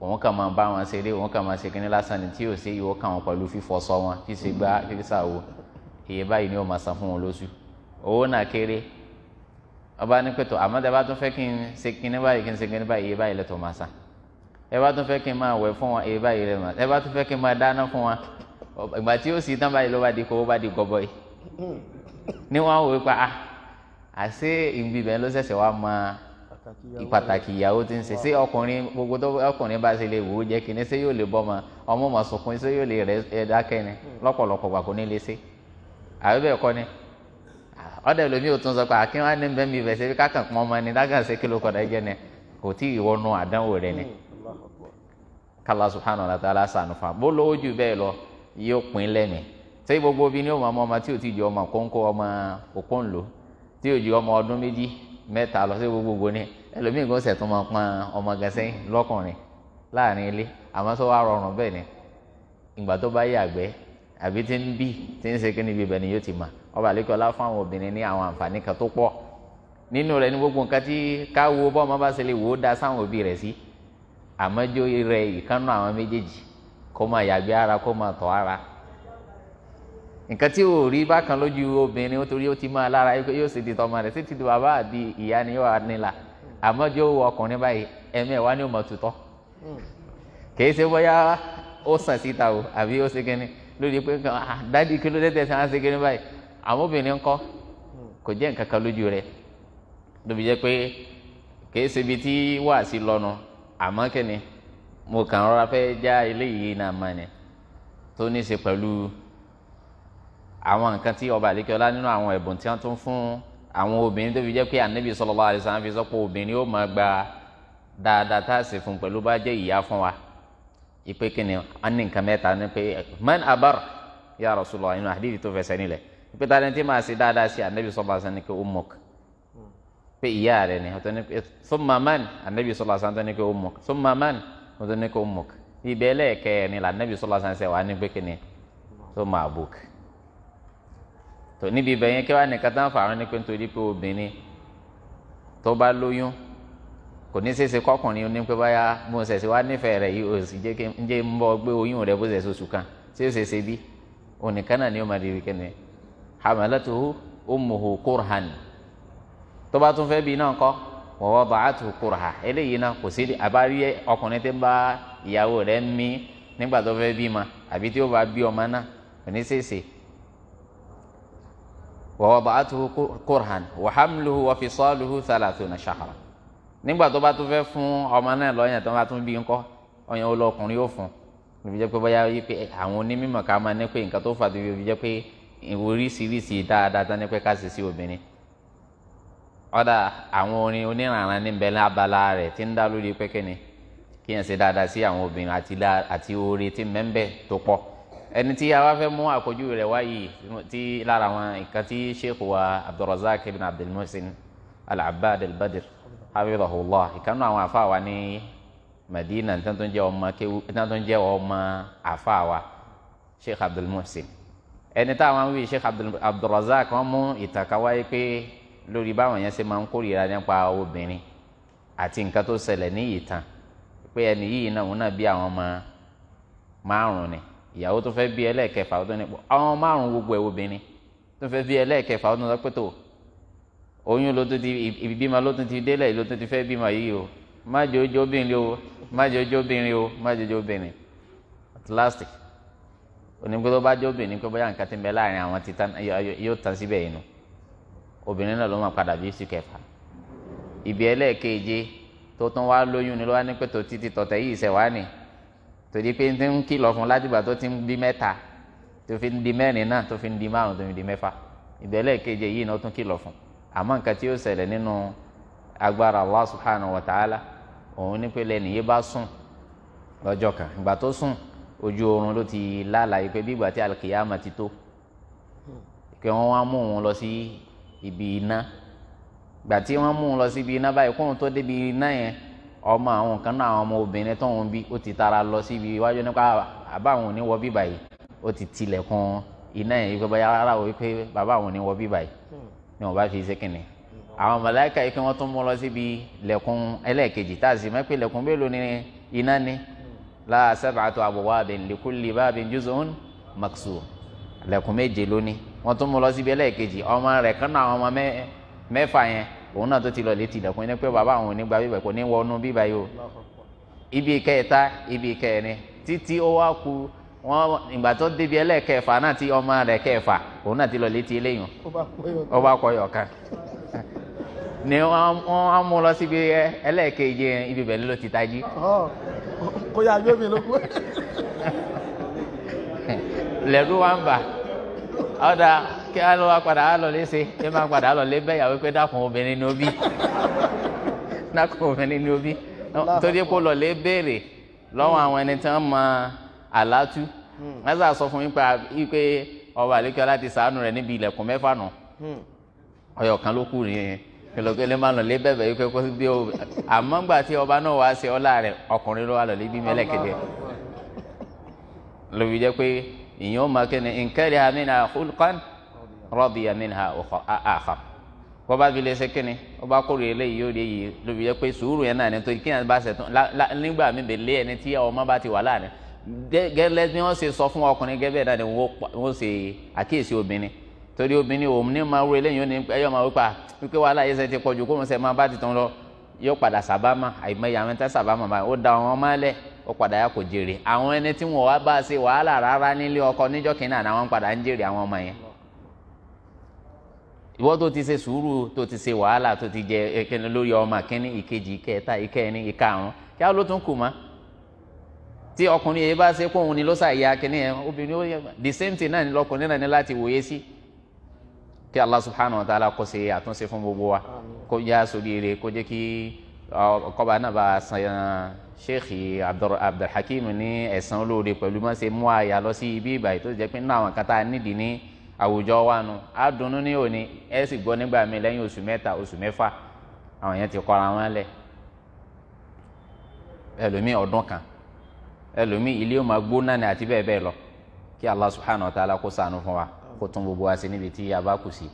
òun kàn máa bá wọn ṣeré òun kàn máa ṣe kíní lásán ni tí yóò ṣe ìwọ kàn wọn pẹ̀lú fífọṣọ wọn tí ṣe gbá fífísà wo iye báyìí ni ó máa san fún wọn lóṣù owó náà kéré ọba ní pẹ̀tọ́ àmọ́ tẹ bá tún fẹ́ kí n ṣe kíní báyìí kí n ṣe kíní báyìí iye báyìí lẹ́tọ̀ máa san ẹ bá tún fẹ́ kí n máa wẹ̀ fún wọn iye báyìí lẹ́tọ̀ máa san ẹ bá tún fẹ́ kí n máa dáná fún wọn ìgbà tí ó sì tán báyìí ló ìpàtàkì ìyàwó ti ń ṣe ṣé ọkùnrin gbogbo tó ọkùnrin bá ṣe lè wò ó jẹ́ kínní ṣé yóò lè bọ́mọ ọmọ mọ̀ sunkún ṣé yóò lè rẹ ẹ dákẹ́ ni lọ́pọ̀lọpọ̀ gbà kó ní lè ṣe àbí bẹ́ẹ̀ kọ́ ni ọ̀dọ̀ ẹlòmíì ò tún sọ pé àkín wá ní bẹ́ẹ̀ mi bẹ̀ ṣe bí kákan pọ́n ọmọ ni dákàn ṣe kí ló kọ̀ dájẹ́ ni kò tí ì wọnú àdánwò rẹ ni kálá subhanahu wa ta'ala sànù fún bó lówó jù bẹ́ẹ̀ lọ yóò pín lẹ́mìí ṣé gbogbo bí ni ó mọ ọmọ tí ò tí ì jẹ ọmọ kóńkó ọmọ òpónlò tí ò jẹ ọmọ ọdún méjì mẹ́ta lọ sí gbogbogbò ni ẹlòmíì kan ṣẹ̀ tó máa pọn ọmọ gan sẹ́yìn lọ́kùnrin láàrin ilé àmọ́ sọ wá rọrùn bẹ́ẹ̀ ni ìgbà tó bá yàgbẹ́ àbí tí ń bì tí ń ṣe kí ni ibi ibẹ̀ ni yóò ti mà ọba àlékè ọlá fún àwọn obìnrin ní àwọn àǹfààní kan tó pọ̀ nínú rẹ̀ ní gbogbo nǹkan tí káwo bọ́ ọmọ bá ṣe lè wò ó da sáwọn òbí rẹ̀ sí àmọ́jó rẹ̀ ìkánú àwọn méjèèjì kó máa yàgbẹ́ ara kó máa tọ̀ ara nǹkan tí ò rí bákan lójú obìnrin ó torí ó ti máa lára yóò sì di tọmọ rẹ̀ sí di bàbá àbí ìyá ni yóò nílà àmọ́ jẹ́ owó ọkùnrin báyìí ẹ̀mí ẹ̀ wá ní òmò tutọ́ hmm. kìí ṣe bóyá ó sàn síta o àbí ó ṣe kíni lórí pé ah, dádì kí ló dé tẹ̀sán á ṣe kíni báyìí àwọn obìnrin ń kọ́ hmm. kò jẹ́ nǹkan kan lójú rẹ̀ lóbi jẹ́ pé kìí ṣe ibi tí wàá sí lọ́nu àmọ́ kíni mo kàn rọra fẹ́ já eléyìí náà àwọn nǹkan tí ọba àlekíọ́lá nínú àwọn ẹ̀bùn tí wọ́n tún fún àwọn obìnrin tó fi jẹ́ pé ànábì sallallahu alaihi wasallam fi sọ pé obìnrin ó máa gba dáadáa tá a sì fún pẹ̀lú bá jẹ́ ìyá fún wa ìpè kìnnì wọn ní nǹkan mẹ́ta ní pé man abar ya Rasulullah inú àdìdì tó fẹsẹ̀ nílẹ̀ ìpè tá a ní tí máa ṣe dáadáa sí ànábì sallallahu alaihi wasallam ní pé ummuk pé ìyá rẹ̀ ni ọ̀tọ̀ ní pé thumma man ànábì sallallahu alaihi wasallam tó ní pé ummuk thumma tó níbi ibẹ̀ yẹn kí wàá nìkan tán fàárọ̀ ni pé nítorí pé obìnrin tó bá lóyún kò ní ṣeéṣe kọkùnrin ní pé báyà mo ṣẹ̀ṣẹ̀ wá nífẹ̀ẹ́ rẹ̀ yìí òsì jẹ́ kí n jẹ́ ń bọ́ gbé oyún rẹ̀ bó ṣẹ̀ṣẹ̀ oṣù kan ṣé ó ṣeéṣe bí onìkan náà ni ó máa di wíkẹ́ ni hamalatuhu ummuhu kurhan tó bá tún fẹ́ bí náà kọ́ wa wada'atuhu kurha eléyìí náà kò sí àbárí ọkùnrin tó bá ìyàwó rẹ̀ mí nígbà tó fẹ́ bí ma àbí tí ó bá bí ọmọ náà kò ní ṣeéṣe ووضعته قرها وحمله وفصاله ثلاثون شهرا nígbà tó bá tún fẹ́ fún ọmọ náà lọ́yàn tó bá tún bí ńkọ́ ọyàn olókùnrin yóò fún níbi jẹ́ pé bóyá yí pé àwọn onímọ̀ ká máa ní pé nǹkan tó fà tó fi obi pé oríṣiríṣi dáadáa tán da pé ká ṣe sí obìnrin ẹni tí a wá fẹ́ mú àkójú rẹ̀ wáyé tí lára àwọn nǹkan tí sheikh wa abdulrazak ibn abdulmusin al-abbad al-badr hafidhahullah ìkànnì àwọn afáwa ní madina tó ń jẹ́ ọmọ afáwa sheikh abdulmusin ẹni táwọn wí sheikh abdulrazak wọn mú ìtàkà wáyé pé lórí báwọn yẹn ṣe máa ń kórìíra nípa obìnrin àti nǹkan tó ṣẹlẹ̀ ní ìtàn pé ẹni yìí náà òun náà bí àwọn ọmọ márùn-ún ni ìyàwó tó fẹ́ bí ẹlẹ́ẹ̀kẹfà ọdún nípò àwọn márùn gbogbo ẹ̀ obìnrin tó fẹ́ bí ẹlẹ́ẹ̀kẹfà ọdún lọ pẹ́tò oyún ló tún ti ìbímọ ló tún ti délẹ̀ ló tún ti fẹ́ bímọ yìí o má jẹ́ ojú obìnrin o má jẹ́ ojú obìnrin o má jẹ́ ojú obìnrin at last onígbó tó bá jẹ́ obìnrin pé bóyá nǹkan ti ń bẹ láàrin àwọn ti tán yóò tán síbẹ̀ yìí nu obìnrin náà ló máa padà bí sí kẹfà ìbí ẹlẹ́ẹ̀keje tó tún wá lóyún ni ló wá ní pẹ́tò títí tọ̀tẹ̀ yìí ìṣẹ̀wá ni torí pé ti ń kìlọ̀ fún látìgbà tó ti ń di mẹ́ta tó fi ń di mẹ́rin náà tó fi ń di márùn tó fi ń di mẹ́fà ìbẹ̀lẹ̀ keje yìí náà tún kìlọ̀ fún àmọ́ nǹkan tí yóò ṣẹlẹ̀ nínú agbára Allah subhanahu wa ta'ala òun ní pé lẹ́nu yìí bá sùn lọ́jọ́ kan ìgbà tó sùn ojú oorun ló ti lálàyé pé bí ìgbà tí alkiyama ti tó pé wọ́n wá mú òun lọ sí ibi iná ìgbà tí wọ́n mú òun lọ sí ibi iná báyìí kóun tó débi iná yẹn ọmọ àwọn kan náà àwọn ọmọ obìnrin tó ń bí ó ti tara lọ síbi iwájú nípa àbá àwọn òní wọ bíbà yìí ó ti tilẹ̀kùn iná yẹn wípé báyà rárá o wípé bàbá àwọn òní wọ bíbà yìí ni wọ́n bá fi ṣe àwọn màláíkà yìí pé wọ́n tún mú lọ síbi lẹ̀kùn ẹlẹ́ẹ̀kejì tá a sì mọ̀ pé lẹ̀kùn mélòó ni iná ni la sab'atu abwabin li kulli babin juz'un maksum lẹ̀kùn méje lónìí wọ́n tún mú lọ síbi ẹlẹ́ẹ̀kejì ọmọ rẹ̀ kan náà ọmọ mẹ́fà yẹn òun náà tó ti lọ létí ilẹ̀kùn pé bàbá àwọn onígbà bíbẹ̀ kò ní wọnú bíbá yìí o ibi kẹta ibi kẹrin títí ó wá ku wọn ìgbà tó débi ẹlẹ́ẹ̀kẹfà náà ti ọmọ rẹ̀ kẹfà òun náà ti lọ létí eléyìí ó bá kọ yọ̀ọ̀kan ni wọ́n mú lọ síbi ẹlẹ́ẹ̀keje ibi bẹ̀rẹ̀ ló ti tají. kó yá mi lẹ́rú ọ̀dà kí a lọ́wọ́ padà á lọ léṣe ẹ máa padà á lọ lé bẹ́yà wípé dákun obìnrin ni ó dákun obìnrin ni obi torí kó lọ lé béèrè lọ́wọ́ àwọn ẹni tí wọ́n mọ àlátú hmm. wọ́n sọ fún wípé ọba àlékíọ́lá ti ṣàánú rẹ níbi ilẹ̀kùn mẹ́fà nù hmm. kan ló kù kìlọ̀kìlọ̀ máa lọ lé bẹ̀bẹ̀ kó o àmọ́ gbà tí ọba náà wá ọlá ọkùnrin ló wà lọ ìyẹn máa kí ni nkẹ́rì amínà hulkan rọ́bì amínà àkàm wọ́n bá fi lè ṣe kíni wọ́n bá kórè eléyìí yóò rí èyí lóbi yẹ pé sùúrù yẹn náà ni tó kí yẹn bá ṣe tán nígbà mi bè lé ẹni tí ọmọ bá ti wà láàrin gẹ́lẹ́ bí wọ́n ṣe sọ fún ọkùnrin gẹ́gẹ́ náà ni wọ́n ṣe àkíyèsí obìnrin torí obìnrin òun ní máa wúre lẹ́yìn òní ẹ̀yọ́ máa wípa wípé wàhálà yẹn ṣe ti pọ̀jù kó wọn ṣe máa bá ti tán lọ yóò padà sábàmà àìmọye àwọn tẹ́ sábàmà báyìí ó da wọn mọ́lẹ̀ ó padà yà kò jèrè àwọn ẹni tí wọn bá ṣe wàhálà rárá nílé ọkọ níjọ́ kìnnà náà wọn padà ń àwọn ọmọ yẹn ìwọ tó ti ṣe sùúrù tó ti ṣe wàhálà tó ti jẹ ẹkẹni lórí ọmọ kínní ìkejì ìkẹta ìkẹrin ìkarùn kí á ló tún kù tí ọkùnrin bá ṣe kó òun ni ló yẹn obìnrin ó yẹ the yá kó kí. kọba náà bá eh, Abdur sheikh abdulhakeem ní ẹ̀san olóore pẹ̀lú má ṣe mú àyà lọ sí ibi ìbàyí tó jẹ́ pé nínú àwọn kata nídìí ní àwùjọ wa nu á dunnú ní òní ẹ sì gbọ́ nígbà mi lẹ́yìn oṣù mẹ́ta oṣù mẹ́fà àwọn yẹn ti kọ́ra wọn lẹ̀ ẹlòmíì ọdún kan ẹlòmíì ilé ọmọ gbóná ni àti bẹ́ẹ̀ bẹ́ẹ̀ lọ kí Allah subhanahu wa ta'ala kó ṣàánú fún wa kó tún gbogbo wa sí níbi tí a bá kù sí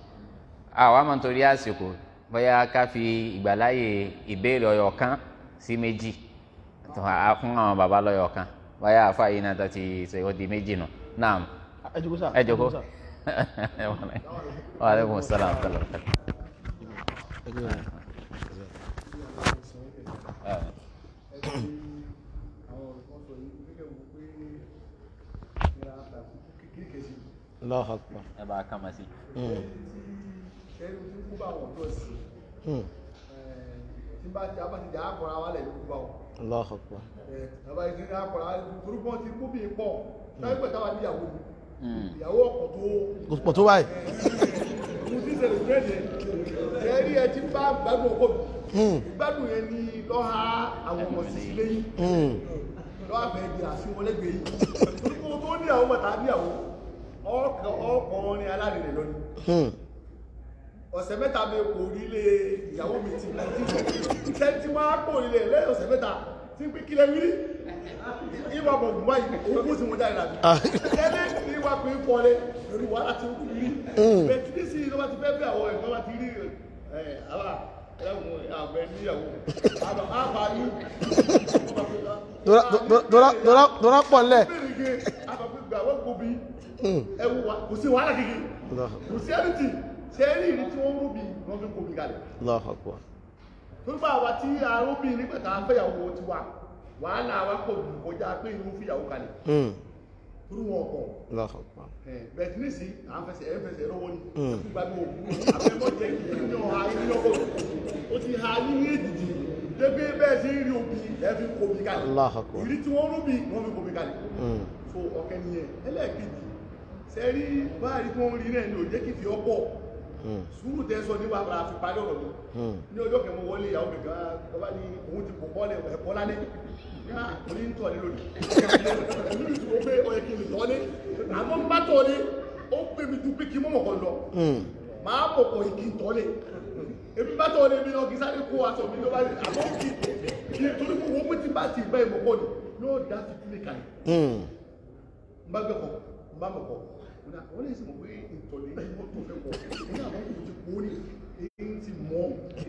àwa máa ń bóyá ká fi ìgbàláyè ìbéèrè ọyọ kan sí méjì fún àwọn bàbá lọyọ kan bóyá àfa yìí náà ti ṣe ó di méjì nù náà ẹ jókòó wa aleykum salaam wa rahmatulah. Allahu Akbar. Ẹ bá a kama sí. Hmm ẹrú tí kú bá wọn tó sí hmm. eh, tí bá ti a ti jà àkọ́ra wa lẹ̀ ló kú bá wọn. Allahu Akbar. bàbá eh, yìí ti àkọ́ra orúkọ ti kú bí pọ̀ hmm. táwọn ìgbà táwọn níyàwó hmm. ìyàwó ọkọ̀ tó. kò pọ̀ tó báyìí. Eh, mo ti ṣẹlẹ̀ bẹ́ẹ̀ ni ẹ ti bá gbádùn ọkọ̀ mi gbádùn yẹn ni lọ́ha àwọn ọmọ sí ilé yìí lọ́wọ́ àfẹ́ di àṣìwọlẹ́gbẹ̀ẹ́ yìí kó tó ní àwọn mọ̀tà níyàwó ọkọ̀ ọkọ̀ ọrin alárìnrìn lọ́nìí ọ̀sẹ̀ mẹ́ta mi kò rí ilé ìyàwó mi ti gbà tí ìṣẹ́ tí wọ́n á pò nílé lẹ́yìn ọ̀sẹ̀ mẹ́ta tí ń pín kílẹ̀ wírí ìwà bọ̀ mọ́ yìí òun kò sí wọn dára bí ah. ẹni tí wàá pín kọ́lé lórí wàhálà tí ó kú rí mm. bẹ́ẹ̀ tí ní sí ìlú wa ti fẹ́ bí àwọn ẹ̀kọ́ wa ti rí ẹ̀ àbá àgbẹ̀ níyàwó àbá yìí dọ́là pọ̀ lẹ̀. àbá gbogbo àwọn gbòbí ẹ̀wù wa kò sí wàhálà kìkì kò sí ẹ̀rìntì ṣe rí ìrí tí wọ́n rúbi wọ́n fi kòmí kalẹ̀ lọ́hàpọ̀ tó gbà wá tí a rúbi nígbàtà fẹ́yàwó ti wà wàhálà wa pọ̀ jù kọjá pé hmm. irú fìyàwó kalẹ̀ turu wọn kọ lọ́hàpọ̀ bẹ̀tì ní sí à ń fẹsẹ̀ ẹ̀ ń fẹsẹ̀ lọ́wọ́ ni hmm. gbà bí òkú àfẹ́mọ́ jẹ́ kí ní ọ̀hà ilé lọ́wọ́ ó ti ha ní ní èdìdì débí bẹ́ẹ̀ hmm. so ọ̀kẹ́ nìyẹn ẹlẹ́ẹ̀kejì sẹ́rí báyìí tí wọ́n rí náà ni ò jẹ́ kí fi ọ́ pọ̀ Hmm. sùúrù tẹ́ sọ níwà ara fi parí ọ̀rọ̀ mi hmm. ní ọjọ́ kẹmọ wọlé ìyàwó mi gan ọba ní òun ti kò bọ́lẹ̀ ẹ̀kọ́ lálẹ́ orí ń tọ̀ ní lónìí èmi ti wo pé ọyẹ kí n tọ́ ní àmọ́ ń bá tọ̀ ní ó pè mí ju pé kí mọ̀mọ̀ kan lọ máa bọ̀ kọ̀ kí n tọ́ ní èmi bá tọ̀ ní mi lọ kí sáré kó aṣọ mi ló bá rí àmọ́ kí kí torí kó wọ́n pé ti bá ti gbá dá ti túlẹ̀ kalẹ̀ ń bá gbẹ̀kọ̀ ń bá wọn náà lè sọ pé ìtọ̀lẹ̀ ní mọ́tò fẹ́ pọ̀ wọn náà wọn ti kú ní èyí ti mọ́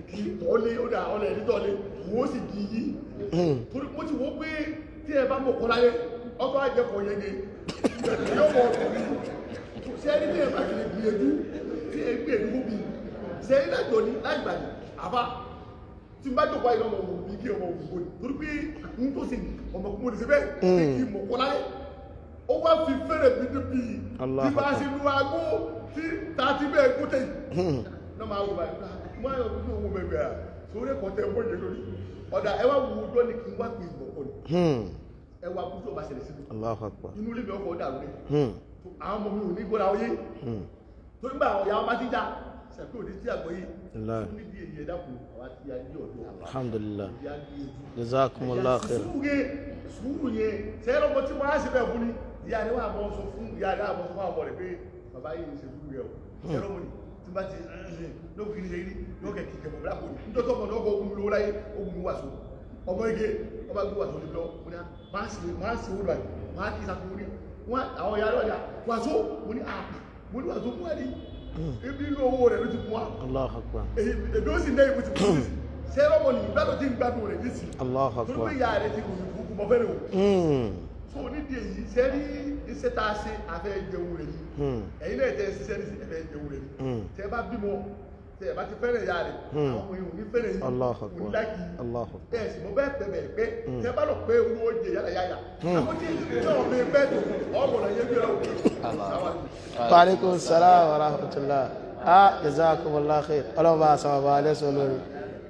kí tọ́lé ó dà ọ̀lẹ̀ nítọ́lẹ̀ wọ́n sì di yí hmm. torí mo ti wọ́n pé tí ẹ bá mọ̀ kọ́ láyé ọkọ̀ àjẹkọ̀ yẹn ni yóò mọ̀ ọ̀tọ̀ sẹ́ni tí ẹ bá ti lè gbìyànjú tí ẹ gbìyànjú bí sẹ́ni lájọ ní láìgbàdì àbá tí n bá jọ báyìí ọmọ ó wá fi fèrè bíbí bíi bí bá ṣe lu aago tí tààtì bẹ́ẹ̀ gúté náà hmm. máa wò báyìí mọ́ àwọn òbí òun bẹ̀rẹ̀ à sórí ẹ̀kọ́ tẹ bóyá lórí ọ̀dà ẹ wá wù ú jọ kí n wá pè é gbọ̀ngàn hmm. ẹ wá kú tó bá ṣẹlẹ̀ síbi inú ilé mi ọkọ̀ dàrú ni hmm. àwọn ọmọ mi ò ní gbọ́dọ̀ àwọn tó ń bá àwọn ìyá wọn bá ní tí àgbọ̀ yìí ìyá rẹ̀ wà mọ́ sọ fún ìyá rẹ̀ àmọ́ sọ fún àwọ̀ rẹ̀ pé bàbá yìí ń ṣe fún rẹ̀ o ceremony hmm. tí bá ti ṣe ló kiri ṣe rí ló kẹ̀ kí kẹ̀kọ̀ bílá kò ní nítorí ọmọ náà kọ ogun lówó láyé ogun wà so ọmọ ege ọba gbé wà so ní lọ mo ní máa ṣe máa ṣe wúlò àyè máa kí ìsàkó mo ní wọn àwọn ìyá lọ́jà wà so mo ní à mo ní wà so fún ẹni ibi hmm. inú owó rẹ̀ ló ti fún wa èdè ó sì ń dẹ́yìn bó ti fún mi ceremony hmm. gbádùn ti ń gbádùn rẹ̀ nísìnyí tó gbé ìyá rẹ̀ ti kò ní fún kò fẹ́rẹ̀ o so onídìí èyí sẹ́rí iṣẹ́ tá a ṣe àfẹ́ jẹun rẹ̀ ni hmm. ẹ̀yin náà tẹ́ ṣiṣẹ́ ní ẹ̀fẹ́ jẹun rẹ̀ ni hmm. tẹ́ bá bímọ tẹ́ bá ti fẹ́rẹ̀ ya rẹ̀ hmm. àwọn ọmọ yìí fẹ́rẹ̀ yìí ò ní láàkì yìí ẹ̀ sì bẹ́ẹ̀ tẹ́ bẹ́ẹ̀ pé tẹ́ bá lọ pé owó oúnjẹ yàrá yàrá àwọn tí ìdílé náà mi pẹ́ tó ọmọ náà yẹ bí ọ̀rọ̀ wa alaikum lórí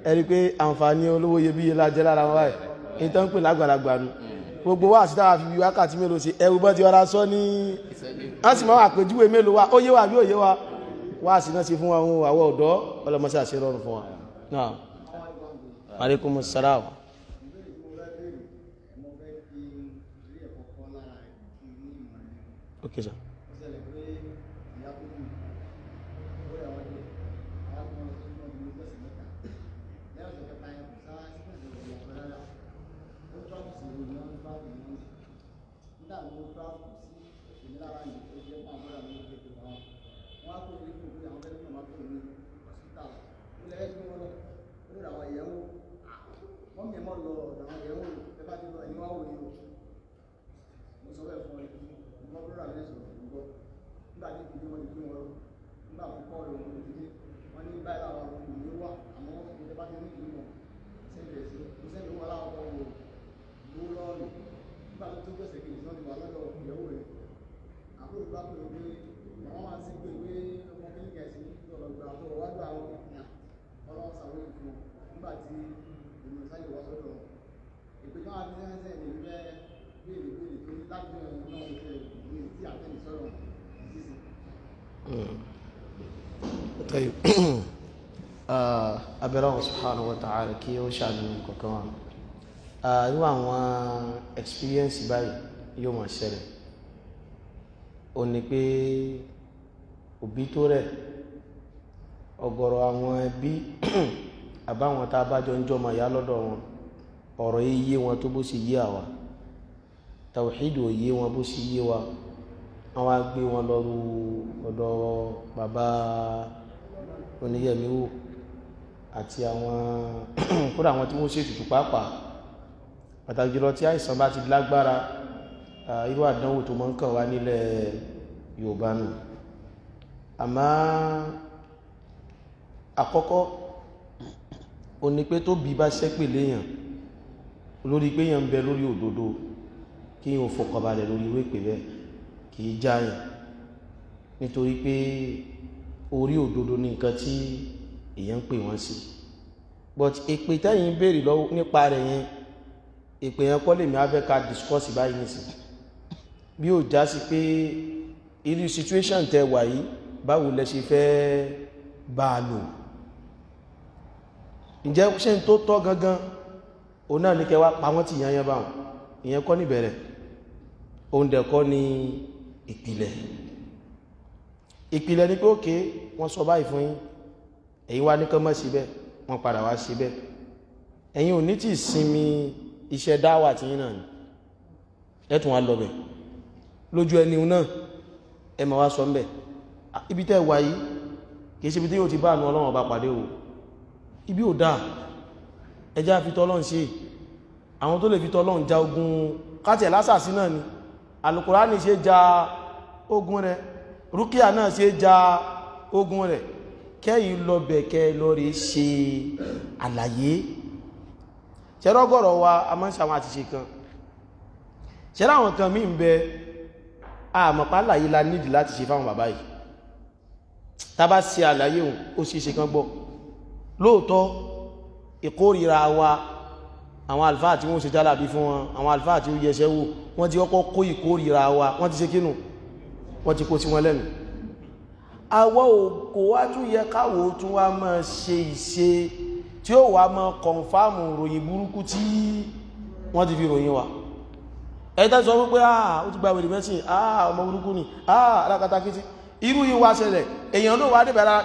ẹ̀rí pé àǹfààní olówó iyebíye la jẹ́ lára wọn báyìí nítorí pé lágbàlagbà nu gbogbo wa àti táwa fi wákàtí mélòó ṣe ẹrù bọ́ ti ọ̀rá sọ ní wọ́n sì máa wà péjúwe mélòó wa ó yé wa bí ó yé wa wá sí náà sí fún wa ohun àwọ̀ ọ̀dọ́ ọlọ́mọsí àṣẹ rọrùn fún wa náà alaikum sir tẹ́yìn abẹ́rẹ́ subhanahu wa kí ó ṣàánú wa irú àwọn experience báyìí yóò máa ṣẹlẹ̀ ó ní pé òbí tó rẹ̀ ọ̀gọ̀rọ̀ àwọn ẹbí àbáwọn tá a bá jọ ń jọmọ ìyá lọ́dọ̀ wọn ọ̀rọ̀ yìí wọn tó bó sì yí àwa ò yé wọn bó sì yé wa oníyẹmí wò àti àwọn kódà àwọn tí wọ́n ṣe ètùtù pàápàá pàtàkì jùlọ tí àìsàn bá ti lágbára irú àdánwò tó mọ́ ń kàn wá nílẹ̀ Yorùbá nù àmọ́ àkọ́kọ́ o ní pé tó bí bá ṣẹ́pè léèyàn lórí pé èèyàn ń bẹ lórí òdodo kí èèyàn fọkànbalẹ̀ lórí ìwé ìpè kì í jáyàn nítorí pé orí òdodo ní nǹkan tí èèyàn ń pè wọ́n sí but èpè tẹ́yìn béèrè lọ́wọ́ nípa rẹ̀ yẹn èpè yẹn kọ́ lèmi á fẹ́ ká discuss báyìí nìsín bí ó já sí pé irú situation tẹ wà yìí báwo lẹ ṣe fẹ́ bá a lò ǹjẹ́ ṣé n tó tọ́ gangan òun náà ní kẹwàá pa wọ́n ti yanyan báwọn ìyẹn kọ́ níbẹ̀rẹ̀ òun dẹ̀ kọ́ ní ìpìlẹ̀ ìpìlẹ̀ ní pé òkè wọ́n sọ báyìí fún yín ẹ̀yin wá ní kán mọ́ síbẹ̀ wọ́n padà wá síbẹ̀ ẹ̀yin ò ní tí ìsinmi iṣẹ́ dáwà tí yín náà ni ẹ̀tùn wá lọ bẹ̀ lójú ẹni náà ẹ máa wá sọ ń bẹ̀ ibi tẹ́ wà yìí kìí ṣe ibi tí yóò ti bá àánú ọlọ́run ọba pàdé o ibi ò dáa ẹjá fi tọ́lọ́run ṣe àwọn tó lè fi tọ́lọ́run ja ogun káàtì ẹ̀ lásàsí náà ni Al-Kùránì ṣe ja ogun rẹ̀ rúkìá náà ṣe ja ogun rẹ̀ kẹ́yìn lọ́bẹ̀ kẹ́ lọ́rẹ̀ ṣe àlàyé ṣẹ́rọ́gọ́rọ̀ wa a máa ń ṣàwọn àti ṣe kan ṣẹ́rọ́ àwọn kan míì ń bẹ àmọ̀pá àlàyé la nídì láti ṣe fáwọn bàbá yìí tá bá ṣe àlàyé òun ó sì ṣe kan gbọ́ lóòótọ́ ìkórìíra wa àwọn àlfáà tí wọ́n ṣe jálàbí fún wọn àwọn àlfáà tí ó yẹṣẹ́ wò wọ́n ti kọ́kọ́ kó ìkórìíra wa wọ́n ti ṣe kínú wọ́n ti kó sí wọn lẹ́nu àwọ́ òkò wá tún yẹ káwò tún wá máa ṣe ìṣe tí ó wà máa kọ̀nfàmù ròyìn burúkú tí wọ́n ti fi ròyìn wà ẹ̀dá sọ wípé àà ah, ó ti gba wèrè mẹ́sìn àà ah, ọmọ burúkú ni àà ah, alákatakítí irú yìí wá ṣẹlẹ̀ èèyàn ló wà débẹ̀rẹ̀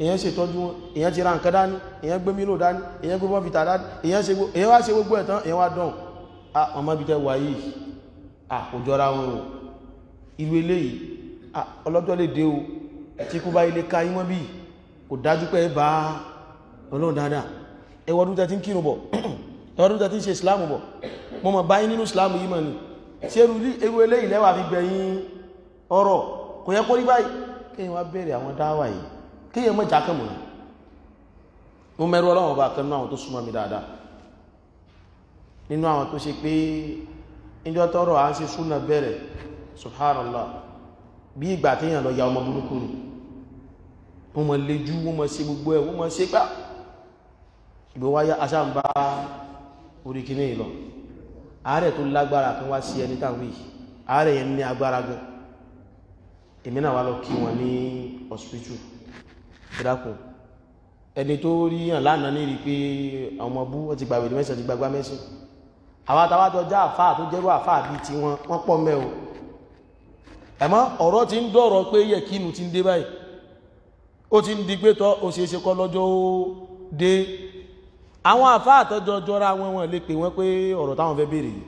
èyàn se tọ́jú wọn èyàn ti ra nǹkan dání èyàn gbé mílò dání èyàn gbé bọ́nfìtà dání èyàn wá ṣe gbogbo ẹ̀ tán èyàn wá dán ọmọ ibi tẹ́ wà yìí àkójọra wọn o irú eléyìí ọlọ́jọ́ lè dé o tí kú bá ilé ká yíwọ́n bí kò dájú pé ẹ bá ọlọ́run dáadáa ẹwọ́dún tẹ́ ti ń kírun bọ̀ ẹwọ́dún tẹ́ ti ń ṣe islam bọ̀ mo mọ̀ kéèyàn mọ́ ìjà kẹ́mù náà mo mẹ́rú ọlọ́run ọba kan nínú àwọn tó súnmọ́ mi dáadáa nínú àwọn tó ṣe pé ìjọ tọrọ à ń ṣe súnà bẹ̀rẹ̀ subhanallah bí ìgbà téèyàn lọ ya ọmọ burúkú ni wọ́n mọ̀ lejú wọ́n mọ̀ ṣe gbogbo ẹ̀ wọ́n mọ̀ ṣe pá ìgbò wáyá aṣáǹbá orí kìíní ìlọ ààrẹ tó lọ kí wọn ní hospital ìdákùn ẹni tó rí hàn lánàá ní rí pé ọmọ bú ó ti gbà wèlé mẹ́sàn ti gbàgbá mẹ́sàn àwọn àtàwájọ já àfáà tó jẹ́rú àfáà bíi ti wọn wọ́n pọ̀ mẹ́ o ẹ̀mọ́ ọ̀rọ̀ ti ń dọ̀rọ̀ pé yẹ̀kínu ti ń dé báyìí ó ti ń di pé tọ́ ó ṣe é ṣe kọ́ lọ́jọ́ ó dé àwọn àfáà tọ́jọ́ jọra wọn wọn lè pè wọ́n pé ọ̀rọ̀ táwọn fẹ́ béèrè yìí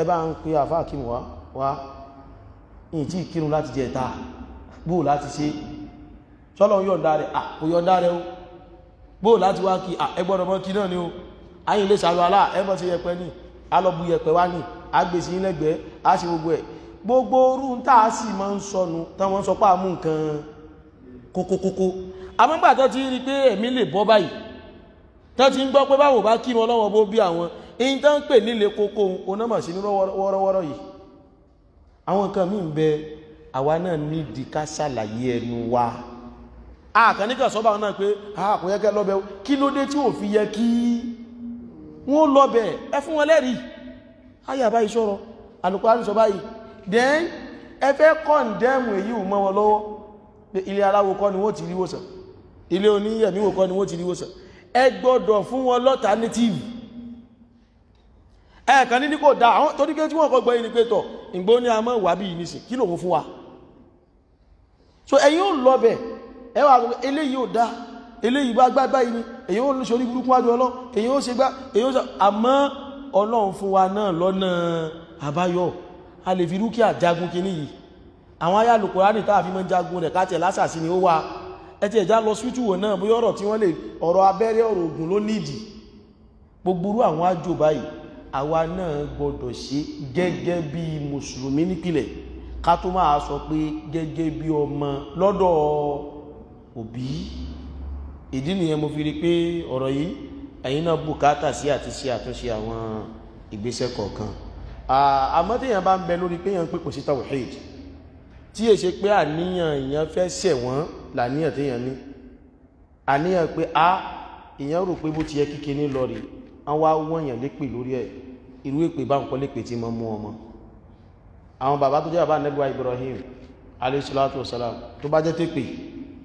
ẹ bá ń pe àfáà kí wá wá ìyìn sọ́lọ́ yọ̀ǹda rẹ̀ à kò yọ̀ǹda rẹ̀ o bó láti wá kí à ẹgbọ́dọ̀ mọ́ kí náà ni o ayin lè sàrò alá ẹmọ́ sí yẹpẹ ní alọ́bù yẹpẹ wá ní agbèsí ilẹ̀gbẹ́ a sì gbogbo ẹ̀ gbogbo orú ń tàà sì máa ń sọnù táwọn sọ pé àmú nǹkan kókókókó amọ́gbà tó ti rí pé ẹ̀mí lè bọ́ báyìí tó ti ń gbọ́ àkàníkà sọ́bà náà pé àkò yẹ́kẹ́ lọ́bẹ̀ kí ló dé tí ò fi yẹ kí wọ́n lọ́bẹ̀ ẹ fún wọn lẹ́rìí ayà báyìí sọ báyìí then ẹ fẹ́ kọ́ndẹ̀mù èyí ò mọ́ wọn lọ́wọ́ pé ilé aláwo ni wọ́n ti ríwòsàn ilé oníyẹ̀míwò kọ́ ni wọ́n ti ríwòsàn ẹ gbọ́dọ̀ fún wọn l'alternative ẹ̀ẹ̀kan ní ní kò dá àwọn torí pé tí wọ́n so ẹ̀yin ò lọ bẹ̀ ẹ wà rò eléyìí ò dáa eléyìí bá gbá báyìí ni èyí ó ṣorí burúkú wájú ọlọ́ èyí ó ṣe gbá èyí ó ṣe àmọ́ ọlọ́run fún wa náà lọ́nà àbáyọ a lè fi rúkìá jagun kìíní yìí àwọn ayá Al-Kùránì táà fi mọ́ jagun rẹ̀ káàtì lásàsí ni ó wà ẹ ti ẹ̀já lọ síwítù wò náà bóyá ọ̀rọ̀ tí wọ́n lè ọ̀rọ̀ abẹ́rẹ́ ọ̀rọ̀ ògùn ló nídìí gbogbo àwọn àjò báyìí àwa náà gbọdọ̀ ṣe gẹ́gẹ́ bí mùsùlùmí nípìnlẹ̀ ká tó máa sọ pé gẹ́gẹ́ bí ọmọ lọ́dọ̀ òbí ìdí nìyẹn mo fi rí pé ọ̀rọ̀ yìí ẹ̀yin náà bùkátà sí àti ṣe àtúnṣe àwọn ìgbésẹ̀ kọ̀ọ̀kan àmọ́ téèyàn bá ń bẹ lórí pé èèyàn pé kò sí tawhid tí è ṣe pé àníyàn èèyàn fẹ́ ṣẹ̀ wọ́n làníyàn téèyàn ní àníyàn pé a èèyàn rò pé bó ti yẹ kíkiní lọ rí àwọn awọ́yàn lépè lórí ẹ̀ irú èpè bá ń kọ́ lépè tí mo mú ọmọ àwọn bàbá tó jẹ́ bàbá nẹ́gbà Ibrahim alayhi salatu wasalam tó bá jẹ́ tépè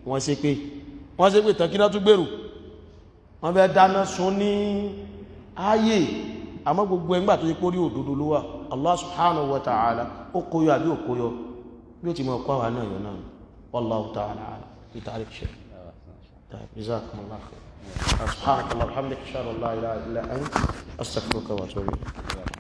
wọ́n ṣe pé wọ́n ṣe pé tànkínà tún gbèrò wọ́n fẹ́ dáná sun ní ayé àmọ́ gbogbo ẹgbà tó yẹ pórí òdodo ló wà Allah subhanahu wa ta'ala ó kóyọ àbí ò kóyọ bí ó ti mọ̀ kọ́ náà yọ náà wallahu ta'ala ìtàrí ṣe